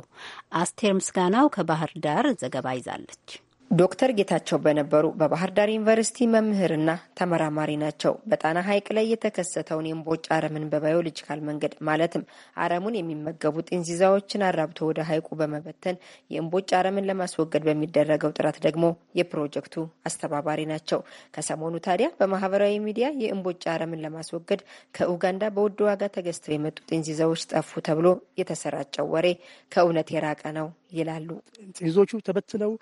አስቴር ምስጋናው ከባህር ዳር ዘገባ ይዛለች። ዶክተር ጌታቸው በነበሩ በባህር ዳር ዩኒቨርሲቲ መምህርና ተመራማሪ ናቸው። በጣና ሐይቅ ላይ የተከሰተውን የእምቦጭ አረምን በባዮሎጂካል መንገድ ማለትም አረሙን የሚመገቡ ጥንዚዛዎችን አራብቶ ወደ ሐይቁ በመበተን የእምቦጭ አረምን ለማስወገድ በሚደረገው ጥረት ደግሞ የፕሮጀክቱ አስተባባሪ ናቸው። ከሰሞኑ ታዲያ በማህበራዊ ሚዲያ የእምቦጭ አረምን ለማስወገድ ከኡጋንዳ በውድ ዋጋ ተገዝተው የመጡ ጥንዚዛዎች ጠፉ ተብሎ የተሰራጨው ወሬ ከእውነት የራቀ ነው ይላሉ። ጥንዚዞቹ ተበትነው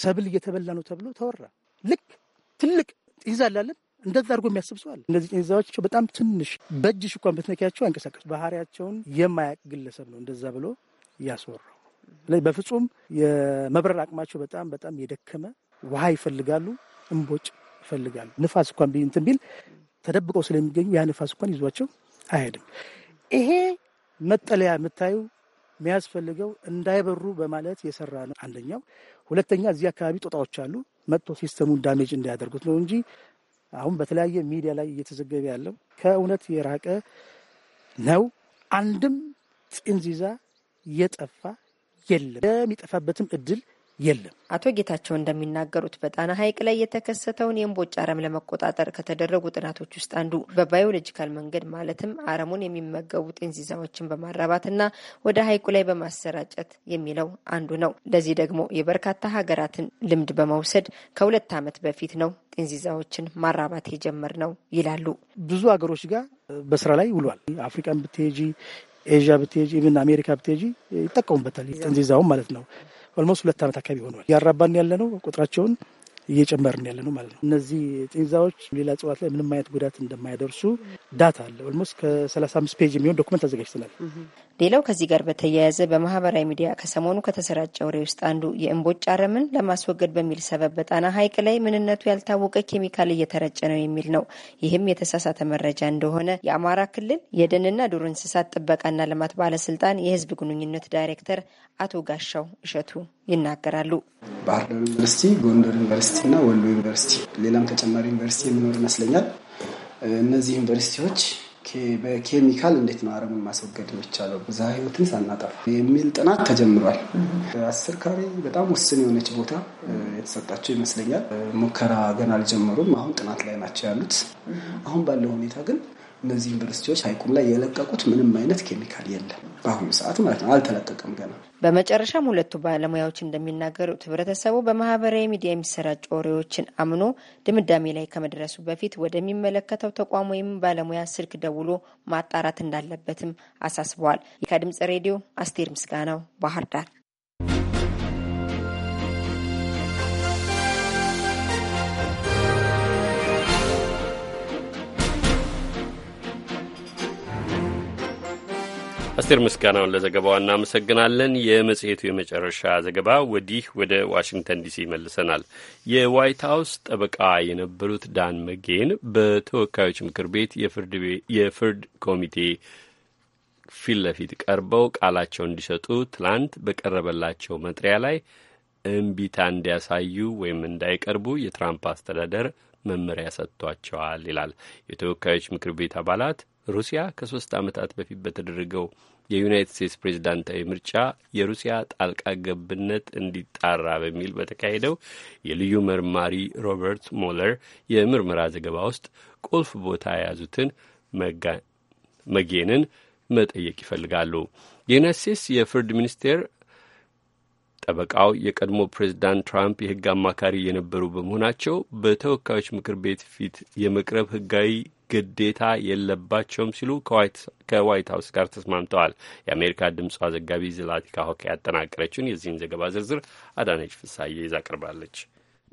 ሰብል እየተበላ ነው ተብሎ ተወራ። ልክ ትልቅ ጤዛ አላለን እንደዛ አድርጎ የሚያስብ ሰው አለ። እነዚህ ጤዛዎች በጣም ትንሽ በእጅሽ እንኳን ብትነኪያቸው አንቀሳቀሱ። ባህሪያቸውን የማያውቅ ግለሰብ ነው እንደዛ ብሎ ያስወራው። በፍጹም የመብረር አቅማቸው በጣም በጣም የደከመ ውሃ ይፈልጋሉ፣ እምቦጭ ይፈልጋሉ። ንፋስ እንኳን እንትን ቢል ተደብቀው ስለሚገኙ ያ ንፋስ እንኳን ይዟቸው አይሄድም። ይሄ መጠለያ የምታዩ የሚያስፈልገው እንዳይበሩ በማለት የሰራ ነው አንደኛው። ሁለተኛ እዚህ አካባቢ ጦጣዎች አሉ፣ መጥቶ ሲስተሙን ዳሜጅ እንዳያደርጉት ነው እንጂ አሁን በተለያየ ሚዲያ ላይ እየተዘገበ ያለው ከእውነት የራቀ ነው። አንድም ጥንዚዛ የጠፋ የለም። የሚጠፋበትም እድል የለም። አቶ ጌታቸው እንደሚናገሩት በጣና ሐይቅ ላይ የተከሰተውን የእምቦጭ አረም ለመቆጣጠር ከተደረጉ ጥናቶች ውስጥ አንዱ በባዮሎጂካል መንገድ ማለትም አረሙን የሚመገቡ ጥንዚዛዎችን በማራባትና ወደ ሐይቁ ላይ በማሰራጨት የሚለው አንዱ ነው። ለዚህ ደግሞ የበርካታ ሀገራትን ልምድ በመውሰድ ከሁለት ዓመት በፊት ነው ጤንዚዛዎችን ማራባት የጀመር ነው ይላሉ። ብዙ ሀገሮች ጋር በስራ ላይ ውሏል። አፍሪካን ብትሄጂ፣ ኤዥያ ብትሄጂ፣ ኢቨን አሜሪካ ብትሄጂ ይጠቀሙበታል ጥንዚዛውን ማለት ነው። ኦልሞስት ሁለት ዓመት አካባቢ ሆኗል። እያራባን ያለ ነው ቁጥራቸውን እየጨመርን ያለ ነው ማለት ነው። እነዚህ ጤዛዎች ሌላ እጽዋት ላይ ምንም አይነት ጉዳት እንደማያደርሱ ዳታ አለ። ኦልሞስት ከ አምስት ፔጅ የሚሆን ዶኩመንት አዘጋጅተናል። ሌላው ከዚህ ጋር በተያያዘ በማህበራዊ ሚዲያ ከሰሞኑ ከተሰራጨ ወሬ ውስጥ አንዱ የእምቦጭ አረምን ለማስወገድ በሚል ሰበብ በጣና ሐይቅ ላይ ምንነቱ ያልታወቀ ኬሚካል እየተረጨ ነው የሚል ነው። ይህም የተሳሳተ መረጃ እንደሆነ የአማራ ክልል የደንና ዱር እንስሳት ጥበቃና ልማት ባለስልጣን የህዝብ ግንኙነት ዳይሬክተር አቶ ጋሻው እሸቱ ይናገራሉ። ባህር ዳር ዩኒቨርሲቲ፣ ጎንደር እና ወሎ ዩኒቨርሲቲ ሌላም ተጨማሪ ዩኒቨርሲቲ የሚኖር ይመስለኛል። እነዚህ ዩኒቨርሲቲዎች በኬሚካል እንዴት ነው አረሙን ማስወገድ የሚቻለው ብዝሃ ህይወትን ሳናጠፋ የሚል ጥናት ተጀምሯል። አስር ካሬ በጣም ውስን የሆነች ቦታ የተሰጣቸው ይመስለኛል። ሙከራ ገና አልጀመሩም። አሁን ጥናት ላይ ናቸው ያሉት። አሁን ባለው ሁኔታ ግን እነዚህ ዩኒቨርሲቲዎች ሀይቁም ላይ የለቀቁት ምንም አይነት ኬሚካል የለም። በአሁኑ ሰዓት ማለት ነው። አልተለቀቀም ገና በመጨረሻም ሁለቱ ባለሙያዎች እንደሚናገሩት ህብረተሰቡ በማህበራዊ ሚዲያ የሚሰራጩ ወሬዎችን አምኖ ድምዳሜ ላይ ከመድረሱ በፊት ወደሚመለከተው ተቋም ወይም ባለሙያ ስልክ ደውሎ ማጣራት እንዳለበትም አሳስበዋል። ከድምጽ ሬዲዮ አስቴር ምስጋናው ባህር ዳር። አስቴር ምስጋናውን ለዘገባው እናመሰግናለን። የመጽሔቱ የመጨረሻ ዘገባ ወዲህ ወደ ዋሽንግተን ዲሲ ይመልሰናል። የዋይት ሀውስ ጠበቃ የነበሩት ዳን መጌን በተወካዮች ምክር ቤት የፍርድ ኮሚቴ ፊት ለፊት ቀርበው ቃላቸው እንዲሰጡ ትላንት በቀረበላቸው መጥሪያ ላይ እምቢታ እንዲያሳዩ ወይም እንዳይቀርቡ የትራምፕ አስተዳደር መመሪያ ሰጥቷቸዋል ይላል። የተወካዮች ምክር ቤት አባላት ሩሲያ ከሶስት ዓመታት በፊት በተደረገው የዩናይትድ ስቴትስ ፕሬዝዳንታዊ ምርጫ የሩሲያ ጣልቃ ገብነት እንዲጣራ በሚል በተካሄደው የልዩ መርማሪ ሮበርት ሞለር የምርመራ ዘገባ ውስጥ ቁልፍ ቦታ የያዙትን መጌንን መጠየቅ ይፈልጋሉ። የዩናይት ስቴትስ የፍርድ ሚኒስቴር ጠበቃው የቀድሞ ፕሬዚዳንት ትራምፕ የህግ አማካሪ የነበሩ በመሆናቸው በተወካዮች ምክር ቤት ፊት የመቅረብ ህጋዊ ግዴታ የለባቸውም ሲሉ ከዋይት ሀውስ ጋር ተስማምተዋል። የአሜሪካ ድምፅ ዘጋቢ ዝላቲካ ሆካ ያጠናቀረችውን የዚህን ዘገባ ዝርዝር አዳነች ፍሳዬ ይዛ ቀርባለች።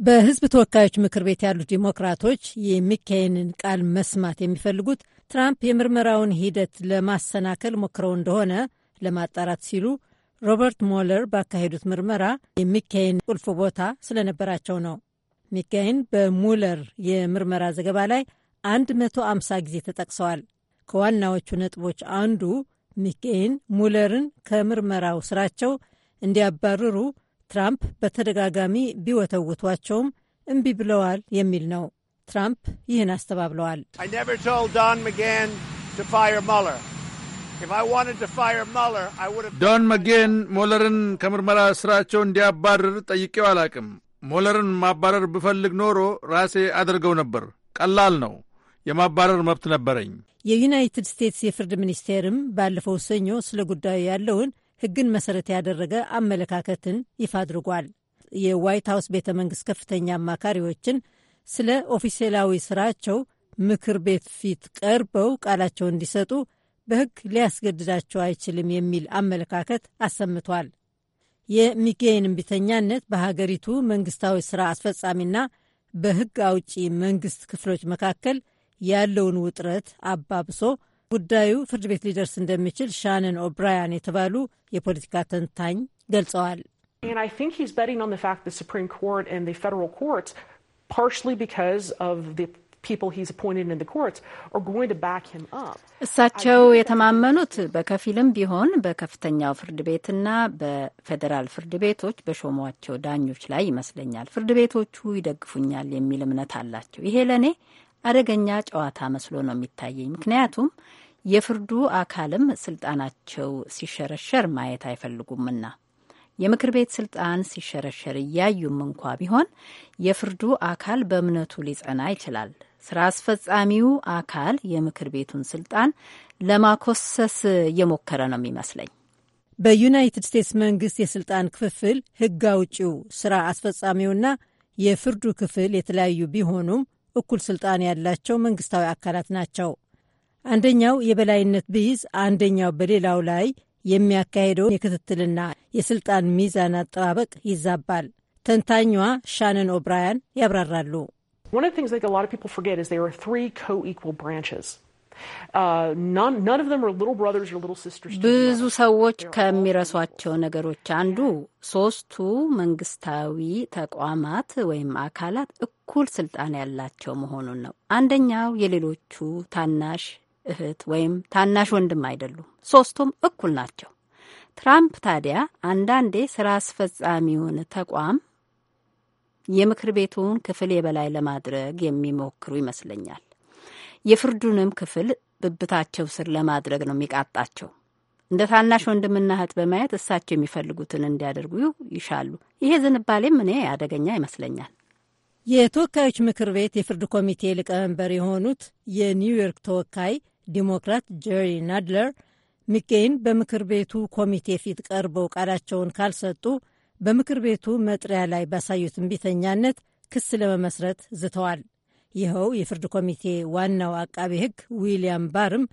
በህዝብ ተወካዮች ምክር ቤት ያሉት ዲሞክራቶች የሚካሄንን ቃል መስማት የሚፈልጉት ትራምፕ የምርመራውን ሂደት ለማሰናከል ሞክረው እንደሆነ ለማጣራት ሲሉ ሮበርት ሞለር ባካሄዱት ምርመራ የሚካኤን ቁልፍ ቦታ ስለነበራቸው ነው። ሚካኤን በሙለር የምርመራ ዘገባ ላይ 150 ጊዜ ተጠቅሰዋል። ከዋናዎቹ ነጥቦች አንዱ ሚካኤን ሙለርን ከምርመራው ስራቸው እንዲያባርሩ ትራምፕ በተደጋጋሚ ቢወተውቷቸውም እምቢ ብለዋል የሚል ነው። ትራምፕ ይህን አስተባብለዋል። ዶን መጌን ሞለርን ከምርመራ ሥራቸው እንዲያባርር ጠይቄው አላቅም። ሞለርን ማባረር ብፈልግ ኖሮ ራሴ አደርገው ነበር። ቀላል ነው። የማባረር መብት ነበረኝ። የዩናይትድ ስቴትስ የፍርድ ሚኒስቴርም ባለፈው ሰኞ ስለ ጉዳዩ ያለውን ሕግን መሰረት ያደረገ አመለካከትን ይፋ አድርጓል። የዋይት ሀውስ ቤተ መንግሥት ከፍተኛ አማካሪዎችን ስለ ኦፊሴላዊ ስራቸው ምክር ቤት ፊት ቀርበው ቃላቸው እንዲሰጡ በሕግ ሊያስገድዳቸው አይችልም የሚል አመለካከት አሰምቷል። የሚገኝ እምቢተኛነት በሀገሪቱ መንግስታዊ ሥራ አስፈጻሚና በሕግ አውጪ መንግስት ክፍሎች መካከል ያለውን ውጥረት አባብሶ ጉዳዩ ፍርድ ቤት ሊደርስ እንደሚችል ሻነን ኦብራያን የተባሉ የፖለቲካ ተንታኝ ገልጸዋል። እሳቸው የተማመኑት በከፊልም ቢሆን በከፍተኛው ፍርድ ቤትና በፌዴራል ፍርድ ቤቶች በሾሟቸው ዳኞች ላይ ይመስለኛል። ፍርድ ቤቶቹ ይደግፉኛል የሚል እምነት አላቸው። ይሄ ለእኔ አደገኛ ጨዋታ መስሎ ነው የሚታየኝ። ምክንያቱም የፍርዱ አካልም ስልጣናቸው ሲሸረሸር ማየት አይፈልጉምና የምክር ቤት ስልጣን ሲሸረሸር እያዩም እንኳ ቢሆን የፍርዱ አካል በእምነቱ ሊጸና ይችላል። ስራ አስፈጻሚው አካል የምክር ቤቱን ስልጣን ለማኮሰስ እየሞከረ ነው የሚመስለኝ። በዩናይትድ ስቴትስ መንግስት የስልጣን ክፍፍል ህግ አውጪው ስራ አስፈጻሚውና የፍርዱ ክፍል የተለያዩ ቢሆኑም እኩል ስልጣን ያላቸው መንግስታዊ አካላት ናቸው። አንደኛው የበላይነት ቢይዝ አንደኛው በሌላው ላይ የሚያካሄደውን የክትትልና የስልጣን ሚዛን አጠባበቅ ይዛባል። ተንታኟ ሻነን ኦብራያን ያብራራሉ። One of the things I think a lot of people forget is there are three co uh, equal branches. ብዙ ሰዎች ከሚረሷቸው ነገሮች አንዱ ሶስቱ መንግስታዊ ተቋማት ወይም አካላት እኩል ስልጣን ያላቸው መሆኑን ነው። አንደኛው የሌሎቹ ታናሽ እህት ወይም ታናሽ ወንድም አይደሉም። ሶስቱም እኩል ናቸው። ትራምፕ ታዲያ አንዳንዴ ስራ አስፈጻሚውን ተቋም የምክር ቤቱን ክፍል የበላይ ለማድረግ የሚሞክሩ ይመስለኛል። የፍርዱንም ክፍል ብብታቸው ስር ለማድረግ ነው የሚቃጣቸው። እንደ ታናሽ ወንድምና እህት በማየት እሳቸው የሚፈልጉትን እንዲያደርጉ ይሻሉ። ይሄ ዝንባሌም እኔ አደገኛ ይመስለኛል። የተወካዮች ምክር ቤት የፍርድ ኮሚቴ ሊቀመንበር የሆኑት የኒውዮርክ ተወካይ ዲሞክራት ጀሪ ናድለር ሚኬይን በምክር ቤቱ ኮሚቴ ፊት ቀርበው ቃላቸውን ካልሰጡ በምክር ቤቱ መጥሪያ ላይ ባሳዩት እምቢተኛነት ክስ ለመመስረት ዝተዋል። ይኸው የፍርድ ኮሚቴ ዋናው አቃቤ ሕግ ዊልያም ባርም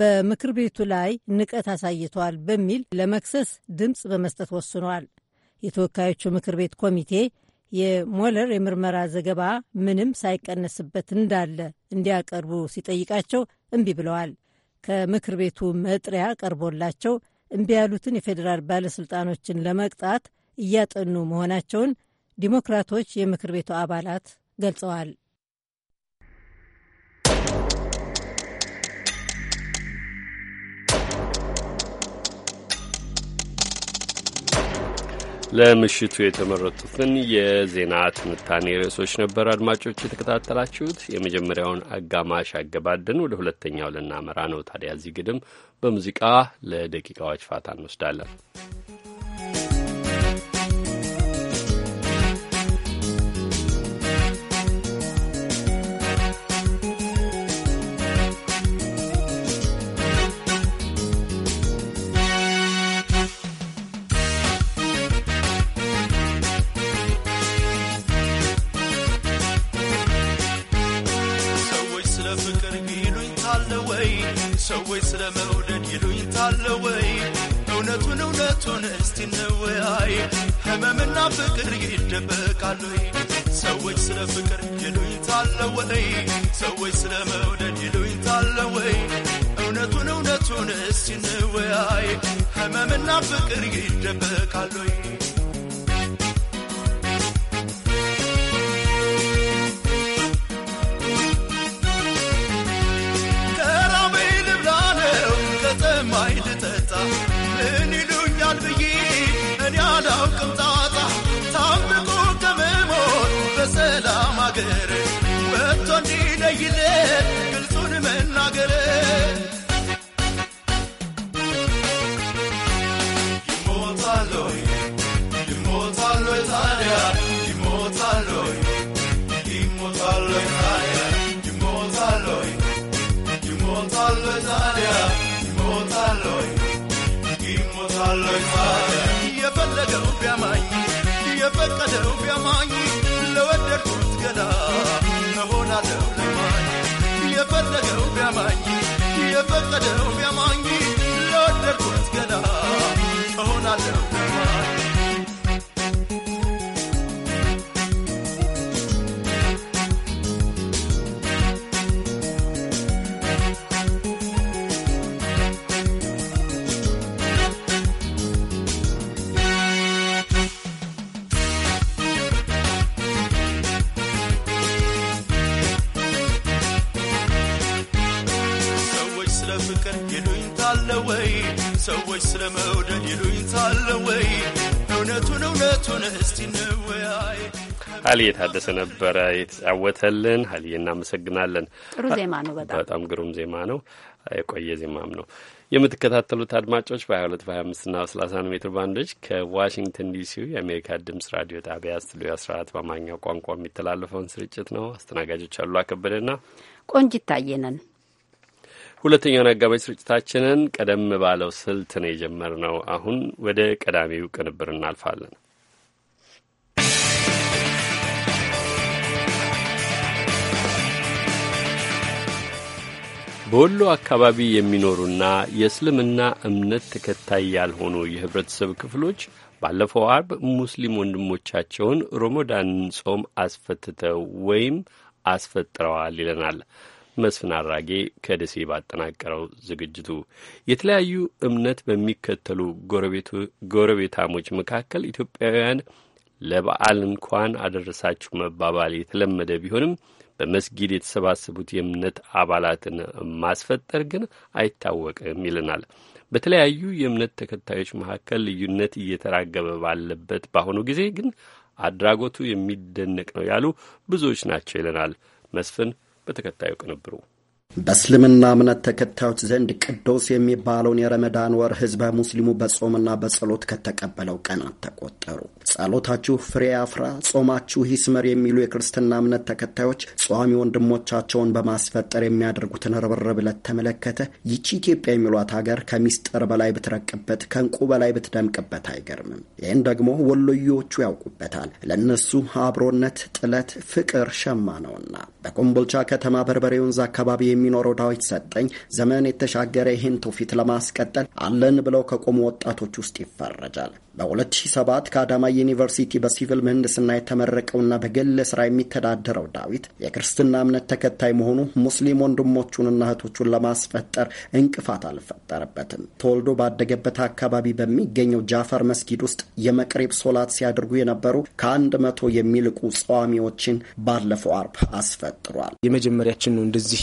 በምክር ቤቱ ላይ ንቀት አሳይተዋል በሚል ለመክሰስ ድምፅ በመስጠት ወስኗል። የተወካዮቹ ምክር ቤት ኮሚቴ የሞለር የምርመራ ዘገባ ምንም ሳይቀነስበት እንዳለ እንዲያቀርቡ ሲጠይቃቸው እምቢ ብለዋል። ከምክር ቤቱ መጥሪያ ቀርቦላቸው እምቢ ያሉትን የፌዴራል ባለሥልጣኖችን ለመቅጣት እያጠኑ መሆናቸውን ዲሞክራቶች የምክር ቤቱ አባላት ገልጸዋል። ለምሽቱ የተመረጡትን የዜና ትንታኔ ርዕሶች ነበር አድማጮች የተከታተላችሁት። የመጀመሪያውን አጋማሽ አገባደን ወደ ሁለተኛው ልናመራ ነው። ታዲያ እዚህ ግድም በሙዚቃ ለደቂቃዎች ፋታ እንወስዳለን። ሲንወያይ ህመምና ፍቅር ይደበቃሉ ሰዎች ስለ ፍቅር ይሉኝታለ ወይ ሰዎች ስለ መውደድ ይሉኝታለ ወይ እውነቱን እውነቱን ህመምና ፍቅር ይደበቃሉ ገና እሆናለሁ ለማኝ የፈለገው ቢያማኝ የፈቀደው ቢያማኝ ለወደድኩት ገና እሆናለሁ ቃል የታደሰ ነበረ የተጫወተልን። ሀልዬ እናመሰግናለን። ጥሩ ዜማ ነው። በጣም በጣም ግሩም ዜማ ነው። የቆየ ዜማም ነው። የምትከታተሉት አድማጮች በ22 በ25ና 31 ሜትር ባንዶች ከዋሽንግተን ዲሲው የአሜሪካ ድምጽ ራዲዮ ጣቢያ ስቱዲዮ 14 በአማርኛ ቋንቋ የሚተላለፈውን ስርጭት ነው። አስተናጋጆች አሉ አከበደና ቆንጂት ታየ ሁለተኛውን አጋባዥ ስርጭታችንን ቀደም ባለው ስልት ነው የጀመርነው። አሁን ወደ ቀዳሚው ቅንብር እናልፋለን። በወሎ አካባቢ የሚኖሩና የእስልምና እምነት ተከታይ ያልሆኑ የህብረተሰብ ክፍሎች ባለፈው አርብ ሙስሊም ወንድሞቻቸውን ሮሞዳንን ጾም አስፈትተው ወይም አስፈጥረዋል ይለናል መስፍን አራጌ ከደሴ ባጠናቀረው ዝግጅቱ የተለያዩ እምነት በሚከተሉ ጎረቤታሞች መካከል ኢትዮጵያውያን ለበዓል እንኳን አደረሳችሁ መባባል የተለመደ ቢሆንም በመስጊድ የተሰባሰቡት የእምነት አባላትን ማስፈጠር ግን አይታወቅም ይለናል። በተለያዩ የእምነት ተከታዮች መካከል ልዩነት እየተራገበ ባለበት በአሁኑ ጊዜ ግን አድራጎቱ የሚደነቅ ነው ያሉ ብዙዎች ናቸው ይለናል መስፍን በተከታዩ ቅንብሩ። በእስልምና እምነት ተከታዮች ዘንድ ቅዱስ የሚባለውን የረመዳን ወር ህዝበ ሙስሊሙ በጾምና በጸሎት ከተቀበለው ቀናት ተቆጠሩ። ጸሎታችሁ ፍሬ አፍራ፣ ጾማችሁ ሂስመር የሚሉ የክርስትና እምነት ተከታዮች ጿሚ ወንድሞቻቸውን በማስፈጠር የሚያደርጉትን ርብርብ ለተመለከተ ይቺ ኢትዮጵያ የሚሏት ሀገር ከሚስጥር በላይ ብትረቅበት፣ ከእንቁ በላይ ብትደምቅበት አይገርምም። ይህን ደግሞ ወሎዮቹ ያውቁበታል። ለእነሱ አብሮነት፣ ጥለት፣ ፍቅር ሸማ ነውና በኮምቦልቻ ከተማ በርበሬ ወንዝ አካባቢ የሚኖረው ዳዊት ሰጠኝ ዘመን የተሻገረ ይህን ትውፊት ለማስቀጠል አለን ብለው ከቆሙ ወጣቶች ውስጥ ይፈረጃል። በ2007 ከአዳማ ዩኒቨርሲቲ በሲቪል ምህንድስና የተመረቀውና በግል ስራ የሚተዳደረው ዳዊት የክርስትና እምነት ተከታይ መሆኑ ሙስሊም ወንድሞቹንና እህቶቹን ለማስፈጠር እንቅፋት አልፈጠረበትም። ተወልዶ ባደገበት አካባቢ በሚገኘው ጃፈር መስጊድ ውስጥ የመቅረብ ሶላት ሲያደርጉ የነበሩ ከአንድ መቶ የሚልቁ ጸዋሚዎችን ባለፈው አርብ አስፈጥሯል። የመጀመሪያችን ነው እንደዚህ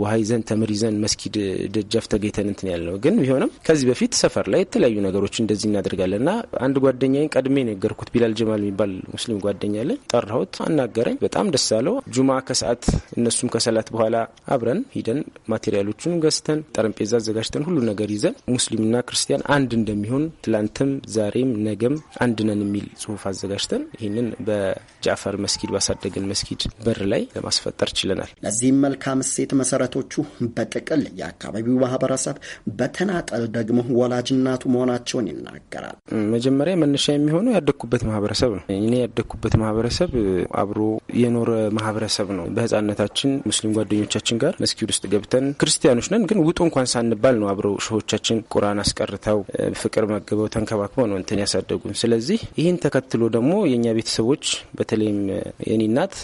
ውሃ ይዘን ተምር ይዘን መስጊድ ደጃፍ ተገኝተን እንትን ግን ቢሆንም ከዚህ በፊት ሰፈር ላይ የተለያዩ ነገሮች እንደዚህ እናደርጋለንና አንድ ጓደኛዬን ቀድሜ ነገርኩት። ቢላል ጀማል የሚባል ሙስሊም ጓደኛ አለኝ። ጠራሁት፣ አናገረኝ። በጣም ደስ አለው። ጁማ ከሰዓት እነሱም ከሰላት በኋላ አብረን ሂደን ማቴሪያሎቹን ገዝተን ጠረጴዛ አዘጋጅተን ሁሉ ነገር ይዘን ሙስሊምና ክርስቲያን አንድ እንደሚሆን ትላንትም፣ ዛሬም፣ ነገም አንድ ነን የሚል ጽሁፍ አዘጋጅተን ይህንን በጃፈር መስጊድ ባሳደገን መስጊድ በር ላይ ለማስፈጠር ችለናል። ለዚህም መልካም እሴት መሰረቶቹ በጥቅል የአካባቢው ማህበረሰብ፣ በተናጠል ደግሞ ወላጅ እናቱ መሆናቸውን ይናገራል። መጀመሪያ መነሻ የሚሆነው ያደግኩበት ማህበረሰብ ነው። እኔ ያደግኩበት ማህበረሰብ አብሮ የኖረ ማህበረሰብ ነው። በህጻነታችን ሙስሊም ጓደኞቻችን ጋር መስጊድ ውስጥ ገብተን ክርስቲያኖች ነን ግን ውጡ እንኳን ሳንባል ነው አብረው ሸሆቻችን ቁርአን አስቀርተው ፍቅር መግበው ተንከባክበው ነው እንትን ያሳደጉን። ስለዚህ ይህን ተከትሎ ደግሞ የእኛ ቤተሰቦች በተለይም የኔ እናት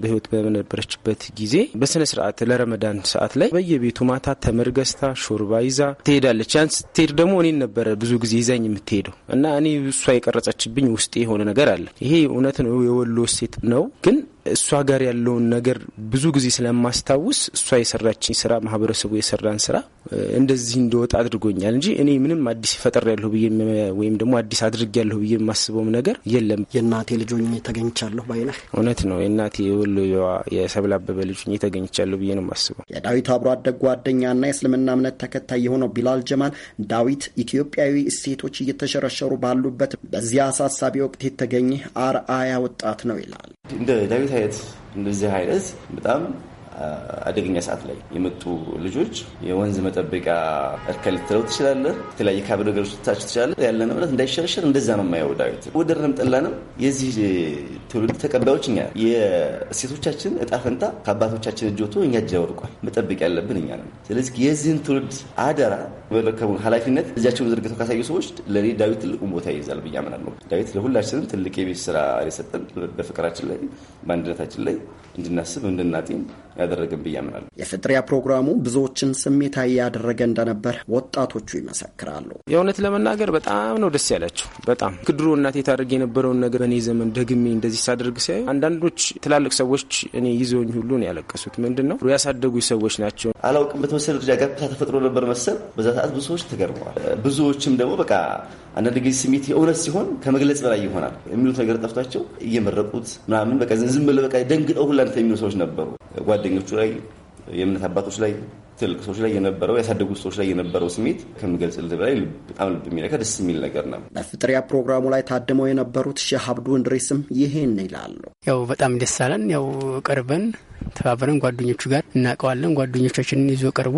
በህይወት በነበረችበት ጊዜ በስነ ስርዓት ለረመዳን ሰዓት ላይ በየቤቱ ማታ ተምር ገዝታ ሾርባ ይዛ ትሄዳለች። ያን ስትሄድ ደግሞ እኔን ነበረ ብዙ ጊዜ ይዛኝ የምትሄደው እና እኔ እሷ የቀረጸችብኝ ውስጤ የሆነ ነገር አለ። ይሄ እውነት ነው፣ የወሎ ሴት ነው። ግን እሷ ጋር ያለውን ነገር ብዙ ጊዜ ስለማስታውስ እሷ የሰራችኝ ስራ ማህበረሰቡ የሰራን ስራ እንደዚህ እንደወጣ አድርጎኛል እንጂ እኔ ምንም አዲስ ፈጠር ያለሁ ብዬ ወይም ደግሞ አዲስ አድርግ ያለሁ ብዬ የማስበውም ነገር የለም። የእናቴ ልጆ ተገኝቻለሁ ባይነህ እውነት ነው። የእናቴ የወሎዋ የሰብል አበበ ልጆ ተገኝቻለሁ ብዬ ነው የማስበው። የዳዊት አብሮ አደግ ጓደኛና የእስልምና እምነት ተከታይ የሆነው ቢላል ጀማል ዳዊት ኢትዮጵያዊ እሴቶች እየተሸረሸሩ ባሉበት በዚያ አሳሳቢ ወቅት የተገኘ አርአያ ወጣት ነው ይላል። እንደ ዳዊት አስተያየት እንደዚህ አይነት በጣም አደገኛ ሰዓት ላይ የመጡ ልጆች የወንዝ መጠበቂያ እርከን ልትለው ትችላለህ። የተለያየ ካብ ነገሮች ልታችሁ ትችላለህ። ያለ እምነት እንዳይሸረሸር እንደዛ ነው የማየው። ዳዊት ወደድንም ጠላንም የዚህ ትውልድ ተቀባዮች እኛ የእሴቶቻችን እጣ ፈንታ ከአባቶቻችን እጅ ወጥቶ እኛ እጅ ያወድቋል። መጠበቅ ያለብን እኛ ነው። ስለዚህ የዚህን ትውልድ አደራ በረከቡን ኃላፊነት እጃቸውን ዘርግተው ካሳዩ ሰዎች ለእኔ ዳዊት ትልቁን ቦታ ይይዛል ብዬ አምናለሁ። ዳዊት ለሁላችንም ትልቅ የቤት ስራ የሰጠን በፍቅራችን ላይ በአንድነታችን ላይ እንድናስብ እንድናጤም ያደረግን ብዬ አምናለሁ። የፍጥሪያ ፕሮግራሙ ብዙዎችን ስሜታዊ ያደረገ እንደነበር ወጣቶቹ ይመሰክራሉ። የእውነት ለመናገር በጣም ነው ደስ ያላቸው። በጣም ክድሮ እናቴ ታደርግ የነበረውን ነገር እኔ ዘመን ደግሜ እንደዚህ ሳደርግ ሲያዩ አንዳንዶች ትላልቅ ሰዎች እኔ ይዘውኝ ሁሉ ነው ያለቀሱት። ምንድን ነው ያሳደጉ ሰዎች ናቸው። አላውቅም በተወሰነ ደረጃ ጋር ተፈጥሮ ነበር መሰል። በዛ ሰዓት ብዙ ሰዎች ተገርመዋል። ብዙዎችም ደግሞ በቃ አንዳንድ ጊዜ ስሜት የእውነት ሲሆን ከመግለጽ በላይ ይሆናል የሚሉት ነገር ጠፍቷቸው እየመረቁት ምናምን በቃ ዝም ብለው በቃ ደንግጠው ሁላ የሚሉ ሰዎች ነበሩ። ጓደኞቹ ላይ፣ የእምነት አባቶች ላይ ትልቅ ሰዎች ላይ የነበረው ያሳደጉት ሰዎች ላይ የነበረው ስሜት ከምገልጽልህ በላይ በጣም ልብ የሚነካ ደስ የሚል ነገር ነው። በፍጥሪያ ፕሮግራሙ ላይ ታድመው የነበሩት ሼህ አብዱ እንድሬስም ይሄን ይላሉ። ያው በጣም ደስ አለን። ያው ቀርበን ተባብረን ጓደኞቹ ጋር እናውቀዋለን። ጓደኞቻችንን ይዞ ቀርቦ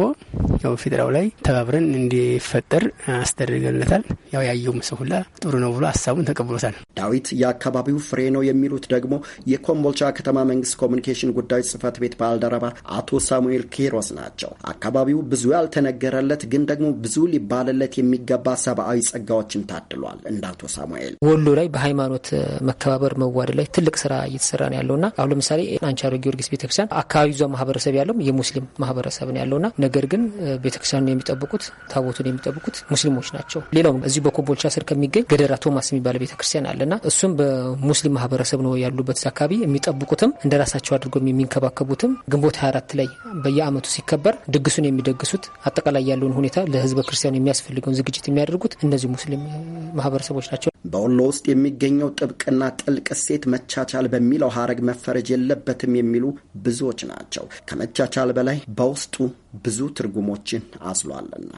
ያው ፊጥራው ላይ ተባብረን እንዲፈጠር አስደርገለታል። ያው ያየውም ሰው ሁላ ጥሩ ነው ብሎ ሀሳቡን ተቀብሎታል። ዳዊት የአካባቢው ፍሬ ነው የሚሉት ደግሞ የኮምቦልቻ ከተማ መንግስት ኮሚኒኬሽን ጉዳዮች ጽህፈት ቤት ባልደረባ አቶ ሳሙኤል ኪሮስ ናቸው። አካባቢው ብዙ ያልተነገረለት ግን ደግሞ ብዙ ሊባልለት የሚገባ ሰብአዊ ጸጋዎችን ታድሏል። እንደ አቶ ሳሙኤል ወሎ ላይ በሃይማኖት መከባበር መዋድ ላይ ትልቅ ስራ እየተሰራ ነው ያለውና አሁን ለምሳሌ አንቻሮ ጊዮርጊስ ቤተክርስቲያን አካባቢ ዟ ማህበረሰብ ያለው የሙስሊም ማህበረሰብ ነው ያለውና ነገር ግን ቤተክርስቲያኑ የሚጠብቁት ታቦቱን የሚጠብቁት ሙስሊሞች ናቸው። ሌላውም እዚሁ በኮቦልቻ ስር ከሚገኝ ገደራ ቶማስ የሚባለ ቤተክርስቲያን አለና እሱም በሙስሊም ማህበረሰብ ነው ያሉበት አካባቢ የሚጠብቁትም እንደ ራሳቸው አድርጎ የሚንከባከቡትም ግንቦት 24 ላይ በየአመቱ ሲከበር ድግሱን የሚደግሱት አጠቃላይ ያለውን ሁኔታ ለህዝበ ክርስቲያኑ የሚያስፈልገውን ዝግጅት የሚያደርጉት እነዚህ ሙስሊም ማህበረሰቦች ናቸው። በወሎ ውስጥ የሚገኘው ጥብቅና ጥልቅ እሴት መቻቻል በሚለው ሀረግ መፈረጅ የለበትም የሚሉ ብዙዎች ናቸው። ከመቻቻል በላይ በውስጡ ብዙ ትርጉሞችን አስሏልና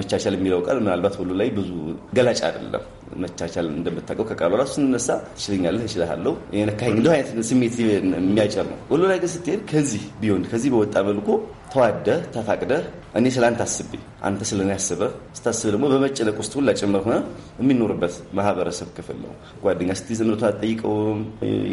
መቻቻል የሚለው ቃል ምናልባት ሁሉ ላይ ብዙ ገላጭ አይደለም። መቻቻል እንደምታውቀው ከቃሉ ራሱ ስንነሳ ትችለኛለህ፣ እችልሃለሁ፣ ይነካኝ እንደ አይነት ስሜት የሚያጭር ነው። ሁሉ ላይ ግን ስትሄድ ከዚህ ቢሆን ከዚህ በወጣ መልኩ ተዋደህ ተፈቅደህ እኔ ስለ አንተ አስቤ አንተ ስለ እኔ አስበህ ስታስብ ደግሞ በመጨነቅ ውስጥ ሁላ ጭምር ሆነ የሚኖርበት ማህበረሰብ ክፍል ነው። ጓደኛ ስትይዝ እምነቱን አትጠይቀውም።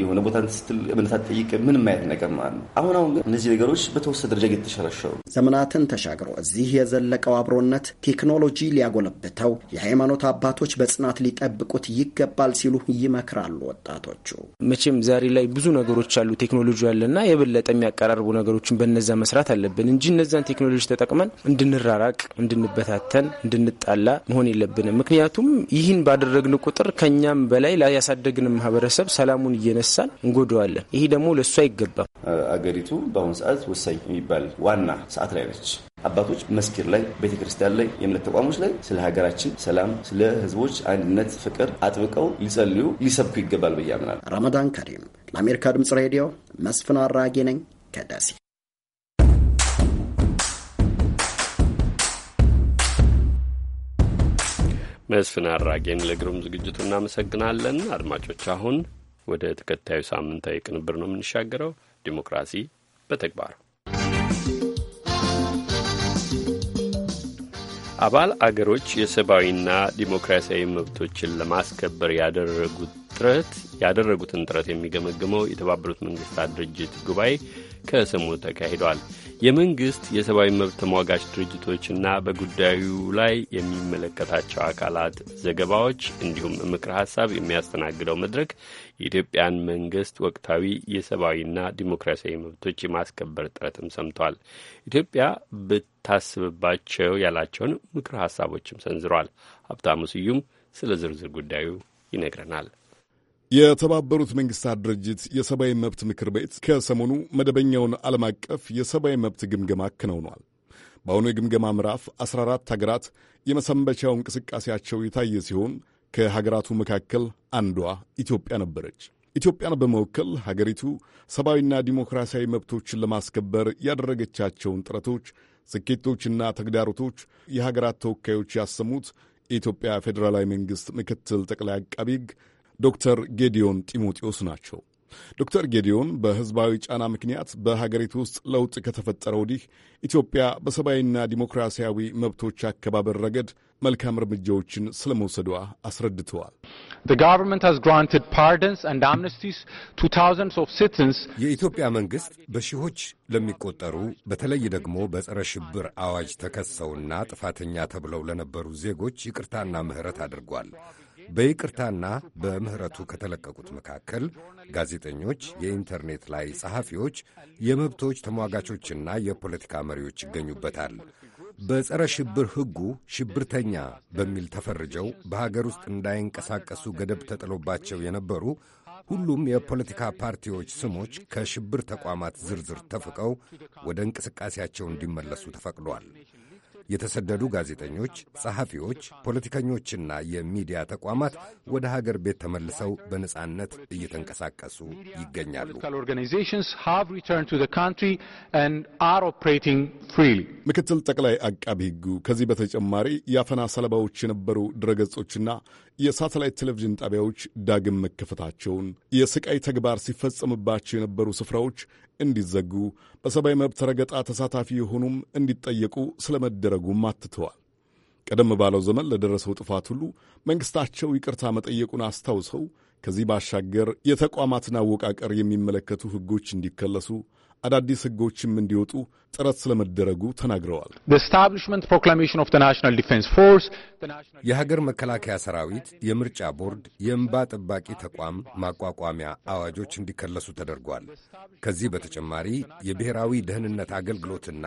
የሆነ ቦታ ስትል እምነት አትጠይቅም። ምንም ነገር ማለት ነው። አሁን አሁን ግን እነዚህ ነገሮች በተወሰነ ደረጃ እየተሸረሸሩ ዘመናትን ተሻግሮ እዚህ የዘለቀው አብሮነት ቴክኖሎጂ ሊያጎለብተው፣ የሃይማኖት አባቶች በጽናት ሊጠብቁት ይገባል ሲሉ ይመክራሉ ወጣቶቹ። መቼም ዛሬ ላይ ብዙ ነገሮች አሉ ቴክኖሎጂ አለና የበለጠ የሚያቀራርቡ ነገሮችን በነዛ መስራት አለብን እንጂ እነዛን ቴክኖሎጂ ተጠቅመን አድርጎናል። እንድንራራቅ፣ እንድንበታተን፣ እንድንጣላ መሆን የለብንም። ምክንያቱም ይህን ባደረግን ቁጥር ከኛም በላይ ያሳደግን ማህበረሰብ ሰላሙን እየነሳን እንጎደዋለን። ይሄ ደግሞ ለእሱ አይገባም። አገሪቱ በአሁኑ ሰዓት ወሳኝ የሚባል ዋና ሰዓት ላይ ነች። አባቶች መስጊድ ላይ፣ ቤተክርስቲያን ላይ፣ የእምነት ተቋሞች ላይ ስለ ሀገራችን ሰላም፣ ስለ ህዝቦች አንድነት፣ ፍቅር አጥብቀው ሊጸልዩ ሊሰብኩ ይገባል ብዬ አምናለሁ። ረመዳን ከሪም ለአሜሪካ ድምፅ ሬዲዮ መስፍን አራጌ ነኝ ከደሴ መስፍን አራጌን ለግሩም ዝግጅቱ እናመሰግናለን። አድማጮች፣ አሁን ወደ ተከታዩ ሳምንታዊ ቅንብር ነው የምንሻገረው። ዲሞክራሲ በተግባር አባል አገሮች የሰብአዊና ዲሞክራሲያዊ መብቶችን ለማስከበር ያደረጉት ጥረት ያደረጉትን ጥረት የሚገመግመው የተባበሩት መንግስታት ድርጅት ጉባኤ ከሰሞኑ ተካሂዷል። የመንግሥት የሰብአዊ መብት ተሟጋች ድርጅቶችና በጉዳዩ ላይ የሚመለከታቸው አካላት ዘገባዎች እንዲሁም ምክር ሀሳብ የሚያስተናግደው መድረክ የኢትዮጵያን መንግሥት ወቅታዊ የሰብአዊና ዲሞክራሲያዊ መብቶች የማስከበር ጥረትም ሰምቷል። ኢትዮጵያ ብታስብባቸው ያላቸውን ምክር ሀሳቦችም ሰንዝሯል። ሀብታሙ ስዩም ስለ ዝርዝር ጉዳዩ ይነግረናል። የተባበሩት መንግስታት ድርጅት የሰብአዊ መብት ምክር ቤት ከሰሞኑ መደበኛውን ዓለም አቀፍ የሰብአዊ መብት ግምገማ አከናውኗል። በአሁኑ የግምገማ ምዕራፍ 14 ሀገራት የመሰንበቻው እንቅስቃሴያቸው የታየ ሲሆን ከሀገራቱ መካከል አንዷ ኢትዮጵያ ነበረች። ኢትዮጵያን በመወከል ሀገሪቱ ሰብአዊና ዲሞክራሲያዊ መብቶችን ለማስከበር ያደረገቻቸውን ጥረቶች፣ ስኬቶችና ተግዳሮቶች የሀገራት ተወካዮች ያሰሙት የኢትዮጵያ ፌዴራላዊ መንግሥት ምክትል ጠቅላይ አቃቢ ሕግ ዶክተር ጌዲዮን ጢሞቴዎስ ናቸው። ዶክተር ጌዲዮን በሕዝባዊ ጫና ምክንያት በሀገሪቱ ውስጥ ለውጥ ከተፈጠረ ወዲህ ኢትዮጵያ በሰብአዊና ዲሞክራሲያዊ መብቶች አከባበር ረገድ መልካም እርምጃዎችን ስለ መውሰዷ አስረድተዋል። የኢትዮጵያ መንግሥት በሺዎች ለሚቆጠሩ በተለይ ደግሞ በጸረ ሽብር አዋጅ ተከሰውና ጥፋተኛ ተብለው ለነበሩ ዜጎች ይቅርታና ምሕረት አድርጓል። በይቅርታና በምህረቱ ከተለቀቁት መካከል ጋዜጠኞች፣ የኢንተርኔት ላይ ጸሐፊዎች፣ የመብቶች ተሟጋቾችና የፖለቲካ መሪዎች ይገኙበታል። በጸረ ሽብር ሕጉ ሽብርተኛ በሚል ተፈርጀው በሀገር ውስጥ እንዳይንቀሳቀሱ ገደብ ተጥሎባቸው የነበሩ ሁሉም የፖለቲካ ፓርቲዎች ስሞች ከሽብር ተቋማት ዝርዝር ተፍቀው ወደ እንቅስቃሴያቸው እንዲመለሱ ተፈቅዷል። የተሰደዱ ጋዜጠኞች፣ ጸሐፊዎች፣ ፖለቲከኞችና የሚዲያ ተቋማት ወደ ሀገር ቤት ተመልሰው በነጻነት እየተንቀሳቀሱ ይገኛሉ። ምክትል ጠቅላይ አቃቢ ሕጉ ከዚህ በተጨማሪ የአፈና ሰለባዎች የነበሩ ድረገጾችና የሳተላይት ቴሌቪዥን ጣቢያዎች ዳግም መከፈታቸውን፣ የስቃይ ተግባር ሲፈጸምባቸው የነበሩ ስፍራዎች እንዲዘጉ፣ በሰብአዊ መብት ረገጣ ተሳታፊ የሆኑም እንዲጠየቁ ስለመደረጉም አትተዋል። ቀደም ባለው ዘመን ለደረሰው ጥፋት ሁሉ መንግሥታቸው ይቅርታ መጠየቁን አስታውሰው ከዚህ ባሻገር የተቋማትን አወቃቀር የሚመለከቱ ሕጎች እንዲከለሱ አዳዲስ ህጎችም እንዲወጡ ጥረት ስለመደረጉ ተናግረዋል። የሀገር መከላከያ ሰራዊት፣ የምርጫ ቦርድ፣ የእንባ ጠባቂ ተቋም ማቋቋሚያ አዋጆች እንዲከለሱ ተደርጓል። ከዚህ በተጨማሪ የብሔራዊ ደህንነት አገልግሎትና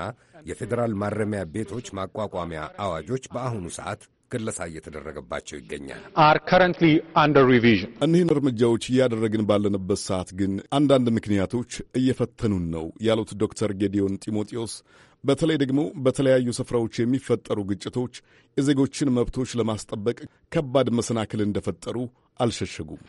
የፌዴራል ማረሚያ ቤቶች ማቋቋሚያ አዋጆች በአሁኑ ሰዓት ግለሳ እየተደረገባቸው ይገኛል። እኒህን እርምጃዎች እያደረግን ባለንበት ሰዓት ግን አንዳንድ ምክንያቶች እየፈተኑን ነው ያሉት ዶክተር ጌዲዮን ጢሞቴዎስ በተለይ ደግሞ በተለያዩ ስፍራዎች የሚፈጠሩ ግጭቶች የዜጎችን መብቶች ለማስጠበቅ ከባድ መሰናክል እንደፈጠሩ አልሸሸጉም።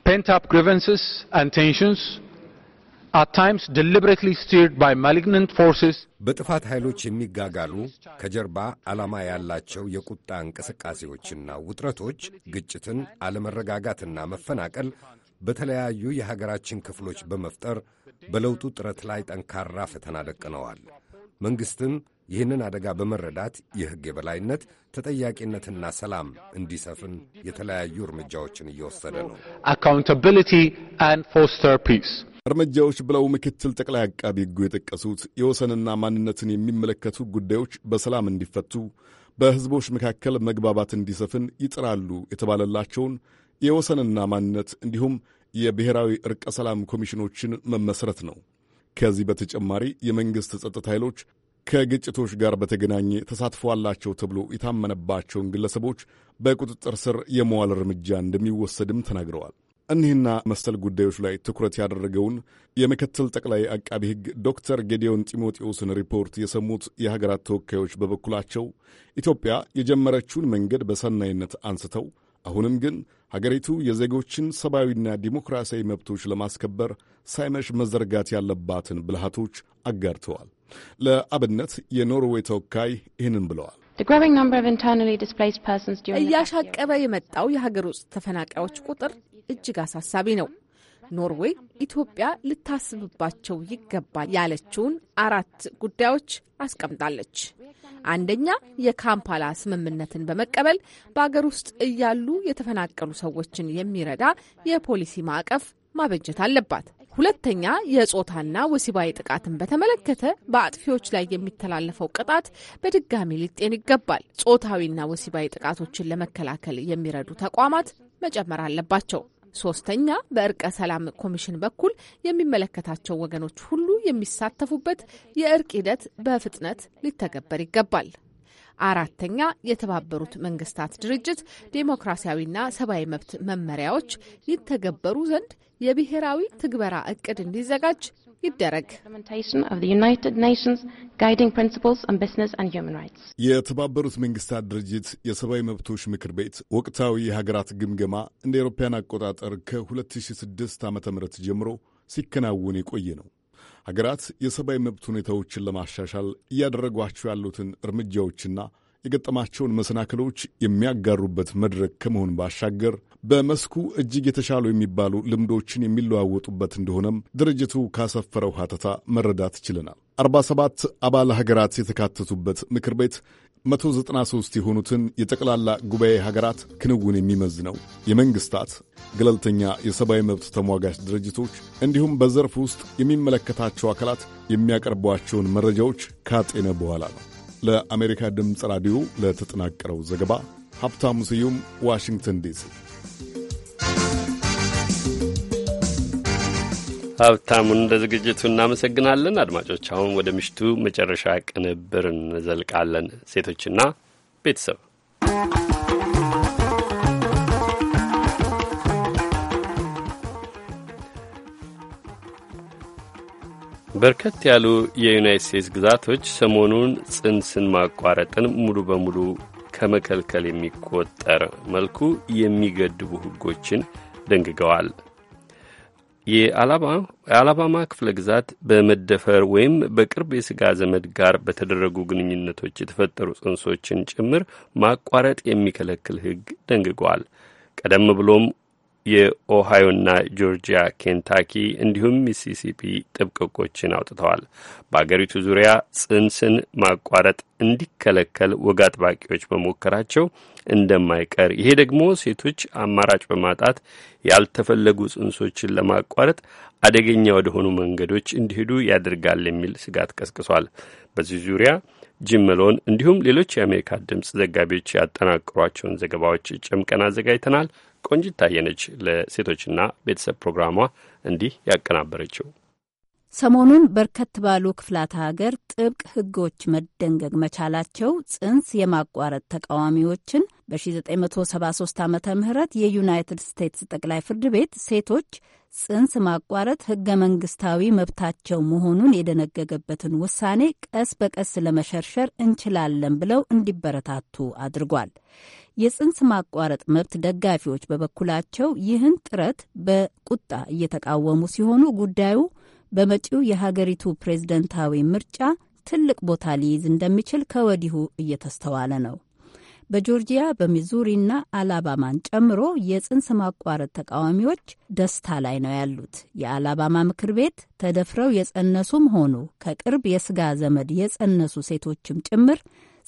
በጥፋት ኃይሎች የሚጋጋሉ ከጀርባ ዓላማ ያላቸው የቁጣ እንቅስቃሴዎችና ውጥረቶች ግጭትን፣ አለመረጋጋትና መፈናቀል በተለያዩ የሀገራችን ክፍሎች በመፍጠር በለውጡ ጥረት ላይ ጠንካራ ፈተና ደቅነዋል። መንግሥትም ይህንን አደጋ በመረዳት የሕግ የበላይነት ተጠያቂነትና ሰላም እንዲሰፍን የተለያዩ እርምጃዎችን እየወሰደ ነው። አካውንታብሊቲ ኤንድ ፎስተር ፒስ እርምጃዎች ብለው ምክትል ጠቅላይ አቃቢ ሕጉ የጠቀሱት የወሰንና ማንነትን የሚመለከቱ ጉዳዮች በሰላም እንዲፈቱ በሕዝቦች መካከል መግባባት እንዲሰፍን ይጥራሉ የተባለላቸውን የወሰንና ማንነት እንዲሁም የብሔራዊ ዕርቀ ሰላም ኮሚሽኖችን መመስረት ነው። ከዚህ በተጨማሪ የመንግሥት ጸጥታ ኃይሎች ከግጭቶች ጋር በተገናኘ ተሳትፎ አላቸው ተብሎ የታመነባቸውን ግለሰቦች በቁጥጥር ስር የመዋል እርምጃ እንደሚወሰድም ተናግረዋል። እኒህና መሰል ጉዳዮች ላይ ትኩረት ያደረገውን የምክትል ጠቅላይ አቃቢ ሕግ ዶክተር ጌዲዮን ጢሞቴዎስን ሪፖርት የሰሙት የሀገራት ተወካዮች በበኩላቸው ኢትዮጵያ የጀመረችውን መንገድ በሰናይነት አንስተው አሁንም ግን ሀገሪቱ የዜጎችን ሰብአዊና ዲሞክራሲያዊ መብቶች ለማስከበር ሳይመሽ መዘርጋት ያለባትን ብልሃቶች አጋርተዋል። ለአብነት የኖርዌይ ተወካይ ይህንን ብለዋል። እያሻቀበ የመጣው የሀገር ውስጥ ተፈናቃዮች ቁጥር እጅግ አሳሳቢ ነው። ኖርዌይ ኢትዮጵያ ልታስብባቸው ይገባል ያለችውን አራት ጉዳዮች አስቀምጣለች። አንደኛ፣ የካምፓላ ስምምነትን በመቀበል በአገር ውስጥ እያሉ የተፈናቀሉ ሰዎችን የሚረዳ የፖሊሲ ማዕቀፍ ማበጀት አለባት። ሁለተኛ የጾታና ወሲባዊ ጥቃትን በተመለከተ በአጥፊዎች ላይ የሚተላለፈው ቅጣት በድጋሚ ሊጤን ይገባል። ጾታዊና ወሲባዊ ጥቃቶችን ለመከላከል የሚረዱ ተቋማት መጨመር አለባቸው። ሶስተኛ በእርቀ ሰላም ኮሚሽን በኩል የሚመለከታቸው ወገኖች ሁሉ የሚሳተፉበት የእርቅ ሂደት በፍጥነት ሊተገበር ይገባል። አራተኛ የተባበሩት መንግስታት ድርጅት ዴሞክራሲያዊና ሰብአዊ መብት መመሪያዎች ይተገበሩ ዘንድ የብሔራዊ ትግበራ እቅድ እንዲዘጋጅ ይደረግ። የተባበሩት መንግስታት ድርጅት የሰብአዊ መብቶች ምክር ቤት ወቅታዊ የሀገራት ግምገማ እንደ ኤሮፓያን አቆጣጠር ከ2006 ዓ ም ጀምሮ ሲከናወን የቆየ ነው። ሀገራት የሰብአዊ መብት ሁኔታዎችን ለማሻሻል እያደረጓቸው ያሉትን እርምጃዎችና የገጠማቸውን መሰናክሎች የሚያጋሩበት መድረክ ከመሆን ባሻገር በመስኩ እጅግ የተሻሉ የሚባሉ ልምዶችን የሚለዋወጡበት እንደሆነም ድርጅቱ ካሰፈረው ሀተታ መረዳት ችለናል። 47 አባል ሀገራት የተካተቱበት ምክር ቤት 193 የሆኑትን የጠቅላላ ጉባኤ ሀገራት ክንውን የሚመዝ ነው። የመንግስታት ገለልተኛ የሰብአዊ መብት ተሟጋች ድርጅቶች እንዲሁም በዘርፍ ውስጥ የሚመለከታቸው አካላት የሚያቀርቧቸውን መረጃዎች ካጤነ በኋላ ነው። ለአሜሪካ ድምፅ ራዲዮ ለተጠናቀረው ዘገባ ሀብታሙ ስዩም ዋሽንግተን ዲሲ ሀብታሙን እንደ ዝግጅቱ እናመሰግናለን። አድማጮች፣ አሁን ወደ ምሽቱ መጨረሻ ቅንብር እንዘልቃለን። ሴቶችና ቤተሰብ በርከት ያሉ የዩናይት ስቴትስ ግዛቶች ሰሞኑን ጽንስን ማቋረጥን ሙሉ በሙሉ ከመከልከል የሚቆጠር መልኩ የሚገድቡ ሕጎችን ደንግገዋል። የአላባማ ክፍለ ግዛት በመደፈር ወይም በቅርብ የስጋ ዘመድ ጋር በተደረጉ ግንኙነቶች የተፈጠሩ ጽንሶችን ጭምር ማቋረጥ የሚከለክል ሕግ ደንግጓል። ቀደም ብሎም የኦሃዮና ጆርጂያ፣ ኬንታኪ እንዲሁም ሚሲሲፒ ጥብቅ ሕጎችን አውጥተዋል። በአገሪቱ ዙሪያ ጽንስን ማቋረጥ እንዲከለከል ወግ አጥባቂዎች በሞከራቸው እንደማይቀር ይሄ ደግሞ ሴቶች አማራጭ በማጣት ያልተፈለጉ ጽንሶችን ለማቋረጥ አደገኛ ወደሆኑ መንገዶች እንዲሄዱ ያደርጋል የሚል ስጋት ቀስቅሷል። በዚህ ዙሪያ ጂም መሎን እንዲሁም ሌሎች የአሜሪካ ድምፅ ዘጋቢዎች ያጠናቅሯቸውን ዘገባዎች ጨምቀን አዘጋጅተናል። ቆንጅት ታየነች ለሴቶችና ቤተሰብ ፕሮግራሟ እንዲህ ያቀናበረችው። ሰሞኑን በርከት ባሉ ክፍላተ ሀገር ጥብቅ ሕጎች መደንገግ መቻላቸው ጽንስ የማቋረጥ ተቃዋሚዎችን በ1973 ዓ ም የዩናይትድ ስቴትስ ጠቅላይ ፍርድ ቤት ሴቶች ጽንስ ማቋረጥ ሕገ መንግስታዊ መብታቸው መሆኑን የደነገገበትን ውሳኔ ቀስ በቀስ ለመሸርሸር እንችላለን ብለው እንዲበረታቱ አድርጓል። የጽንስ ማቋረጥ መብት ደጋፊዎች በበኩላቸው ይህን ጥረት በቁጣ እየተቃወሙ ሲሆኑ ጉዳዩ በመጪው የሀገሪቱ ፕሬዝደንታዊ ምርጫ ትልቅ ቦታ ሊይዝ እንደሚችል ከወዲሁ እየተስተዋለ ነው። በጆርጂያ በሚዙሪና አላባማን ጨምሮ የጽንስ ማቋረጥ ተቃዋሚዎች ደስታ ላይ ነው ያሉት። የአላባማ ምክር ቤት ተደፍረው የጸነሱም ሆኑ ከቅርብ የስጋ ዘመድ የጸነሱ ሴቶችም ጭምር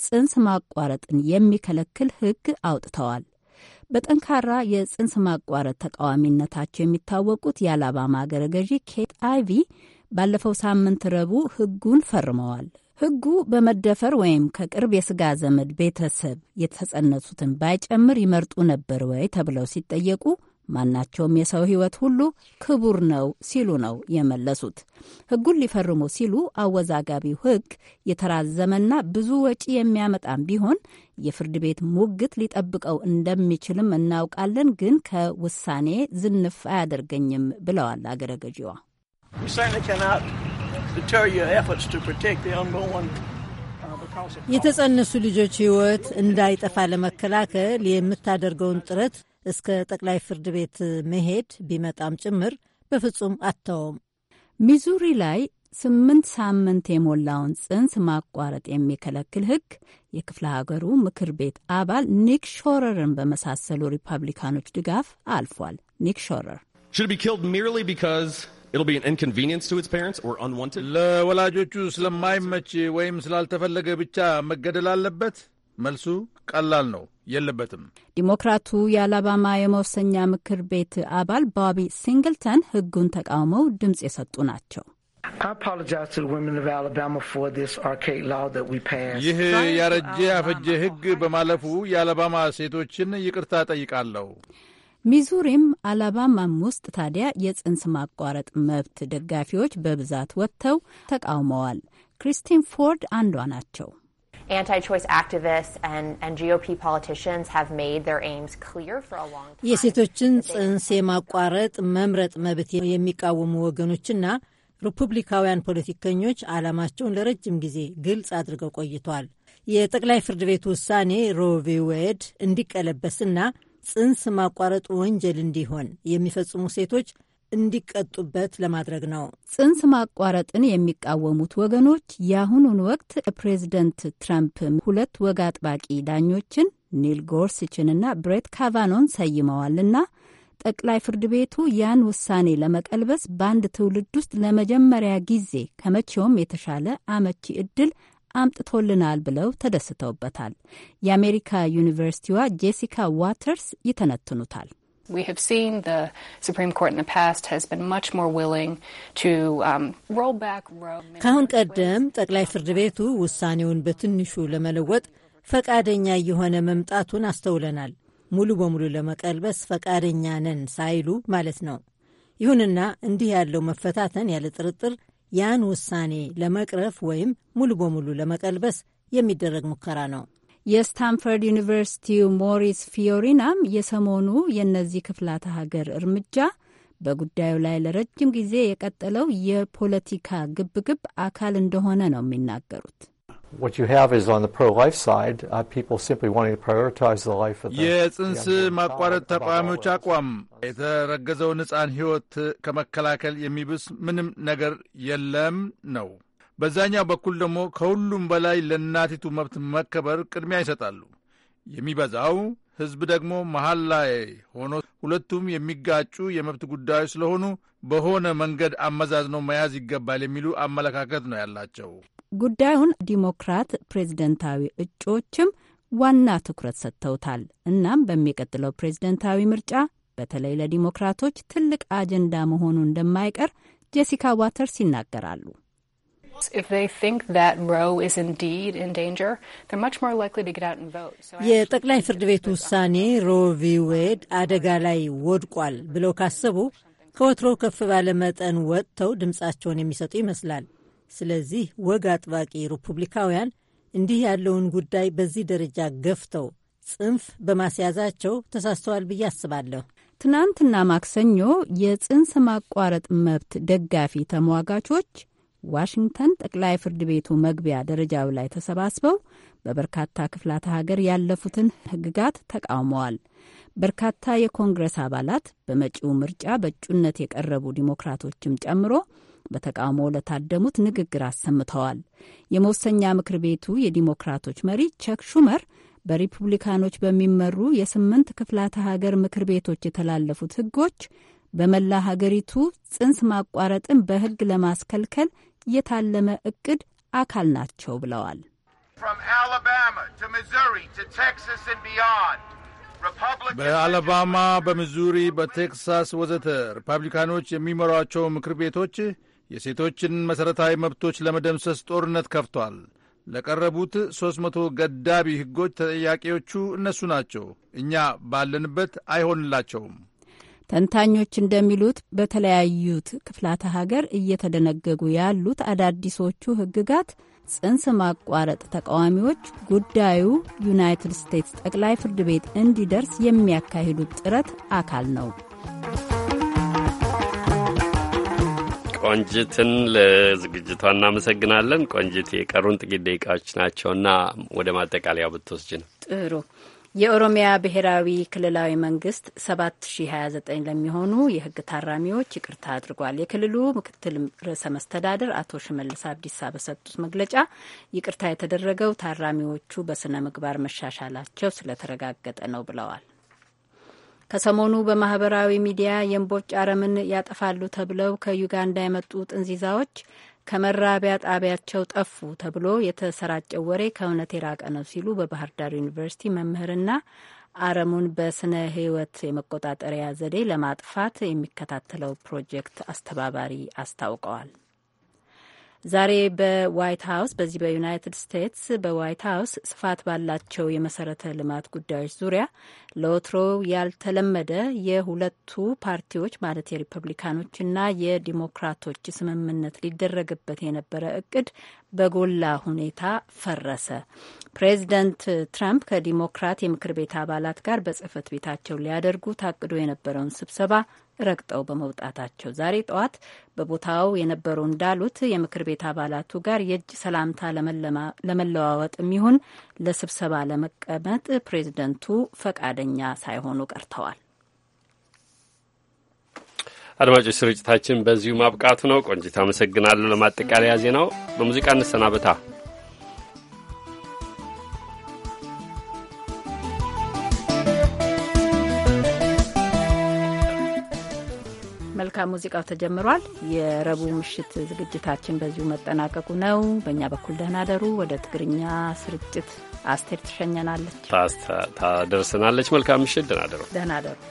ጽንስ ማቋረጥን የሚከለክል ሕግ አውጥተዋል። በጠንካራ የጽንስ ማቋረጥ ተቃዋሚነታቸው የሚታወቁት የአላባማ አገረ ገዢ ኬት አይቪ ባለፈው ሳምንት ረቡዕ ሕጉን ፈርመዋል። ሕጉ በመደፈር ወይም ከቅርብ የስጋ ዘመድ ቤተሰብ የተጸነሱትን ባይጨምር ይመርጡ ነበር ወይ ተብለው ሲጠየቁ ማናቸውም የሰው ሕይወት ሁሉ ክቡር ነው ሲሉ ነው የመለሱት። ሕጉን ሊፈርሙ ሲሉ አወዛጋቢው ሕግ የተራዘመና ብዙ ወጪ የሚያመጣም ቢሆን የፍርድ ቤት ሙግት ሊጠብቀው እንደሚችልም እናውቃለን፣ ግን ከውሳኔ ዝንፍ አያደርገኝም ብለዋል አገረ ገዢዋ። የተጸነሱ ልጆች ሕይወት እንዳይጠፋ ለመከላከል የምታደርገውን ጥረት እስከ ጠቅላይ ፍርድ ቤት መሄድ ቢመጣም ጭምር በፍጹም አተውም። ሚዙሪ ላይ ስምንት ሳምንት የሞላውን ጽንስ ማቋረጥ የሚከለክል ሕግ የክፍለ ሀገሩ ምክር ቤት አባል ኒክ ሾረርን በመሳሰሉ ሪፐብሊካኖች ድጋፍ አልፏል። ኒክ ሾረር ለወላጆቹ ስለማይመች ወይም ስላልተፈለገ ብቻ መገደል አለበት? መልሱ ቀላል ነው። የለበትም። ዲሞክራቱ የአላባማ የመወሰኛ ምክር ቤት አባል ባቢ ሲንግልተን ህጉን ተቃውመው ድምፅ የሰጡ ናቸው። ይህ ያረጀ ያፈጀ ህግ በማለፉ የአላባማ ሴቶችን ይቅርታ ጠይቃለሁ። ሚዙሪም አላባማም ውስጥ ታዲያ የጽንስ ማቋረጥ መብት ደጋፊዎች በብዛት ወጥተው ተቃውመዋል። ክሪስቲን ፎርድ አንዷ ናቸው። anti-choice activists and, and GOP politicians have made their aims clear for a long time. የሴቶችን ጽንስ የማቋረጥ መምረጥ መብት የሚቃወሙ ወገኖችና ሪፑብሊካውያን ፖለቲከኞች ዓላማቸውን ለረጅም ጊዜ ግልጽ አድርገው ቆይቷል። የጠቅላይ ፍርድ ቤት ውሳኔ ሮቪ ዌድ እንዲቀለበስና ጽንስ ማቋረጥ ወንጀል እንዲሆን የሚፈጽሙ ሴቶች እንዲቀጡበት ለማድረግ ነው። ጽንስ ማቋረጥን የሚቃወሙት ወገኖች የአሁኑን ወቅት ፕሬዚደንት ትራምፕ ሁለት ወግ አጥባቂ ዳኞችን ኒል ጎርስችንና ብሬት ካቫኖን ሰይመዋልና ጠቅላይ ፍርድ ቤቱ ያን ውሳኔ ለመቀልበስ በአንድ ትውልድ ውስጥ ለመጀመሪያ ጊዜ ከመቼውም የተሻለ አመቺ እድል አምጥቶልናል ብለው ተደስተውበታል። የአሜሪካ ዩኒቨርሲቲዋ ጄሲካ ዋተርስ ይተነትኑታል። We have seen the Supreme Court in the past has been much more willing to um, roll back Roe. ከአሁን ቀደም ጠቅላይ ፍርድ ቤቱ ውሳኔውን በትንሹ ለመለወጥ ፈቃደኛ የሆነ መምጣቱን አስተውለናል። ሙሉ በሙሉ ለመቀልበስ ፈቃደኛ ነን ሳይሉ ማለት ነው። ይሁንና እንዲህ ያለው መፈታተን ያለ ጥርጥር ያን ውሳኔ ለመቅረፍ ወይም ሙሉ በሙሉ ለመቀልበስ የሚደረግ ሙከራ ነው። የስታንፈርድ ዩኒቨርሲቲው ሞሪስ ፊዮሪናም የሰሞኑ የእነዚህ ክፍላተ ሀገር እርምጃ በጉዳዩ ላይ ለረጅም ጊዜ የቀጠለው የፖለቲካ ግብግብ አካል እንደሆነ ነው የሚናገሩት። uh, የጽንስ ማቋረጥ ተቃዋሚዎች አቋም የተረገዘውን ሕፃን ሕይወት ከመከላከል የሚብስ ምንም ነገር የለም ነው። በዛኛው በኩል ደግሞ ከሁሉም በላይ ለእናቲቱ መብት መከበር ቅድሚያ ይሰጣሉ። የሚበዛው ሕዝብ ደግሞ መሀል ላይ ሆኖ ሁለቱም የሚጋጩ የመብት ጉዳዮች ስለሆኑ በሆነ መንገድ አመዛዝኖ መያዝ ይገባል የሚሉ አመለካከት ነው ያላቸው። ጉዳዩን ዲሞክራት ፕሬዝደንታዊ እጩዎችም ዋና ትኩረት ሰጥተውታል። እናም በሚቀጥለው ፕሬዝደንታዊ ምርጫ በተለይ ለዲሞክራቶች ትልቅ አጀንዳ መሆኑ እንደማይቀር ጄሲካ ዋተርስ ይናገራሉ። የጠቅላይ ፍርድ ቤት ውሳኔ ሮ ቪ ዌድ አደጋ ላይ ወድቋል ብለው ካሰቡ ከወትሮው ከፍ ባለ መጠን ወጥተው ድምፃቸውን የሚሰጡ ይመስላል። ስለዚህ ወግ አጥባቂ ሪፑብሊካውያን እንዲህ ያለውን ጉዳይ በዚህ ደረጃ ገፍተው ጽንፍ በማስያዛቸው ተሳስተዋል ብዬ አስባለሁ። ትናንትና ማክሰኞ የጽንስ ማቋረጥ መብት ደጋፊ ተሟጋቾች ዋሽንግተን ጠቅላይ ፍርድ ቤቱ መግቢያ ደረጃው ላይ ተሰባስበው በበርካታ ክፍላተ ሀገር ያለፉትን ሕግጋት ተቃውመዋል። በርካታ የኮንግረስ አባላት በመጪው ምርጫ በእጩነት የቀረቡ ዲሞክራቶችም ጨምሮ በተቃውሞ ለታደሙት ንግግር አሰምተዋል። የመወሰኛ ምክር ቤቱ የዲሞክራቶች መሪ ቸክ ሹመር በሪፑብሊካኖች በሚመሩ የስምንት ክፍላተ ሀገር ምክር ቤቶች የተላለፉት ሕጎች በመላ ሀገሪቱ ጽንስ ማቋረጥን በሕግ ለማስከልከል የታለመ እቅድ አካል ናቸው ብለዋል። በአለባማ፣ በሚዙሪ፣ በቴክሳስ ወዘተ ሪፐብሊካኖች የሚመሯቸው ምክር ቤቶች የሴቶችን መሠረታዊ መብቶች ለመደምሰስ ጦርነት ከፍቷል። ለቀረቡት ሦስት መቶ ገዳቢ ሕጎች ተጠያቂዎቹ እነሱ ናቸው። እኛ ባለንበት አይሆንላቸውም። ተንታኞች እንደሚሉት በተለያዩት ክፍላተ ሀገር እየተደነገጉ ያሉት አዳዲሶቹ ህግጋት ጽንስ ማቋረጥ ተቃዋሚዎች ጉዳዩ ዩናይትድ ስቴትስ ጠቅላይ ፍርድ ቤት እንዲደርስ የሚያካሂዱት ጥረት አካል ነው። ቆንጅትን ለዝግጅቷ እናመሰግናለን። ቆንጅት፣ የቀሩን ጥቂት ደቂቃዎች ናቸውና ወደ ማጠቃለያ ብትወስጅ ነው ጥሩ። የኦሮሚያ ብሔራዊ ክልላዊ መንግስት 7029 ለሚሆኑ የሕግ ታራሚዎች ይቅርታ አድርጓል። የክልሉ ምክትል ርዕሰ መስተዳደር አቶ ሽመልስ አብዲሳ በሰጡት መግለጫ ይቅርታ የተደረገው ታራሚዎቹ በስነ ምግባር መሻሻላቸው ስለተረጋገጠ ነው ብለዋል። ከሰሞኑ በማህበራዊ ሚዲያ የእምቦጭ አረምን ያጠፋሉ ተብለው ከዩጋንዳ የመጡ ጥንዚዛዎች ከመራቢያ ጣቢያቸው ጠፉ ተብሎ የተሰራጨው ወሬ ከእውነት የራቀ ነው ሲሉ በባህር ዳር ዩኒቨርሲቲ መምህርና አረሙን በስነ ሕይወት የመቆጣጠሪያ ዘዴ ለማጥፋት የሚከታተለው ፕሮጀክት አስተባባሪ አስታውቀዋል። ዛሬ በዋይት ሀውስ በዚህ በዩናይትድ ስቴትስ በዋይት ሀውስ ስፋት ባላቸው የመሰረተ ልማት ጉዳዮች ዙሪያ ለወትሮ ያልተለመደ የሁለቱ ፓርቲዎች ማለት የሪፐብሊካኖችና የዲሞክራቶች ስምምነት ሊደረግበት የነበረ እቅድ በጎላ ሁኔታ ፈረሰ። ፕሬዚደንት ትራምፕ ከዲሞክራት የምክር ቤት አባላት ጋር በጽህፈት ቤታቸው ሊያደርጉ ታቅዶ የነበረውን ስብሰባ ረግጠው በመውጣታቸው ዛሬ ጠዋት በቦታው የነበሩ እንዳሉት የምክር ቤት አባላቱ ጋር የእጅ ሰላምታ ለመለዋወጥ የሚሆን ለስብሰባ ለመቀመጥ ፕሬዝደንቱ ፈቃደኛ ሳይሆኑ ቀርተዋል። አድማጮች፣ ስርጭታችን በዚሁ ማብቃቱ ነው። ቆንጂት አመሰግናለሁ። ለማጠቃለያ ዜናው በሙዚቃ እንሰናበታ። ሙዚቃው ተጀምሯል። የረቡዕ ምሽት ዝግጅታችን በዚሁ መጠናቀቁ ነው። በእኛ በኩል ደህና ደሩ። ወደ ትግርኛ ስርጭት አስቴር ትሸኘናለች፣ ታደርሰናለች። መልካም ምሽት። ደህና ደሩ። ደህና ደሩ።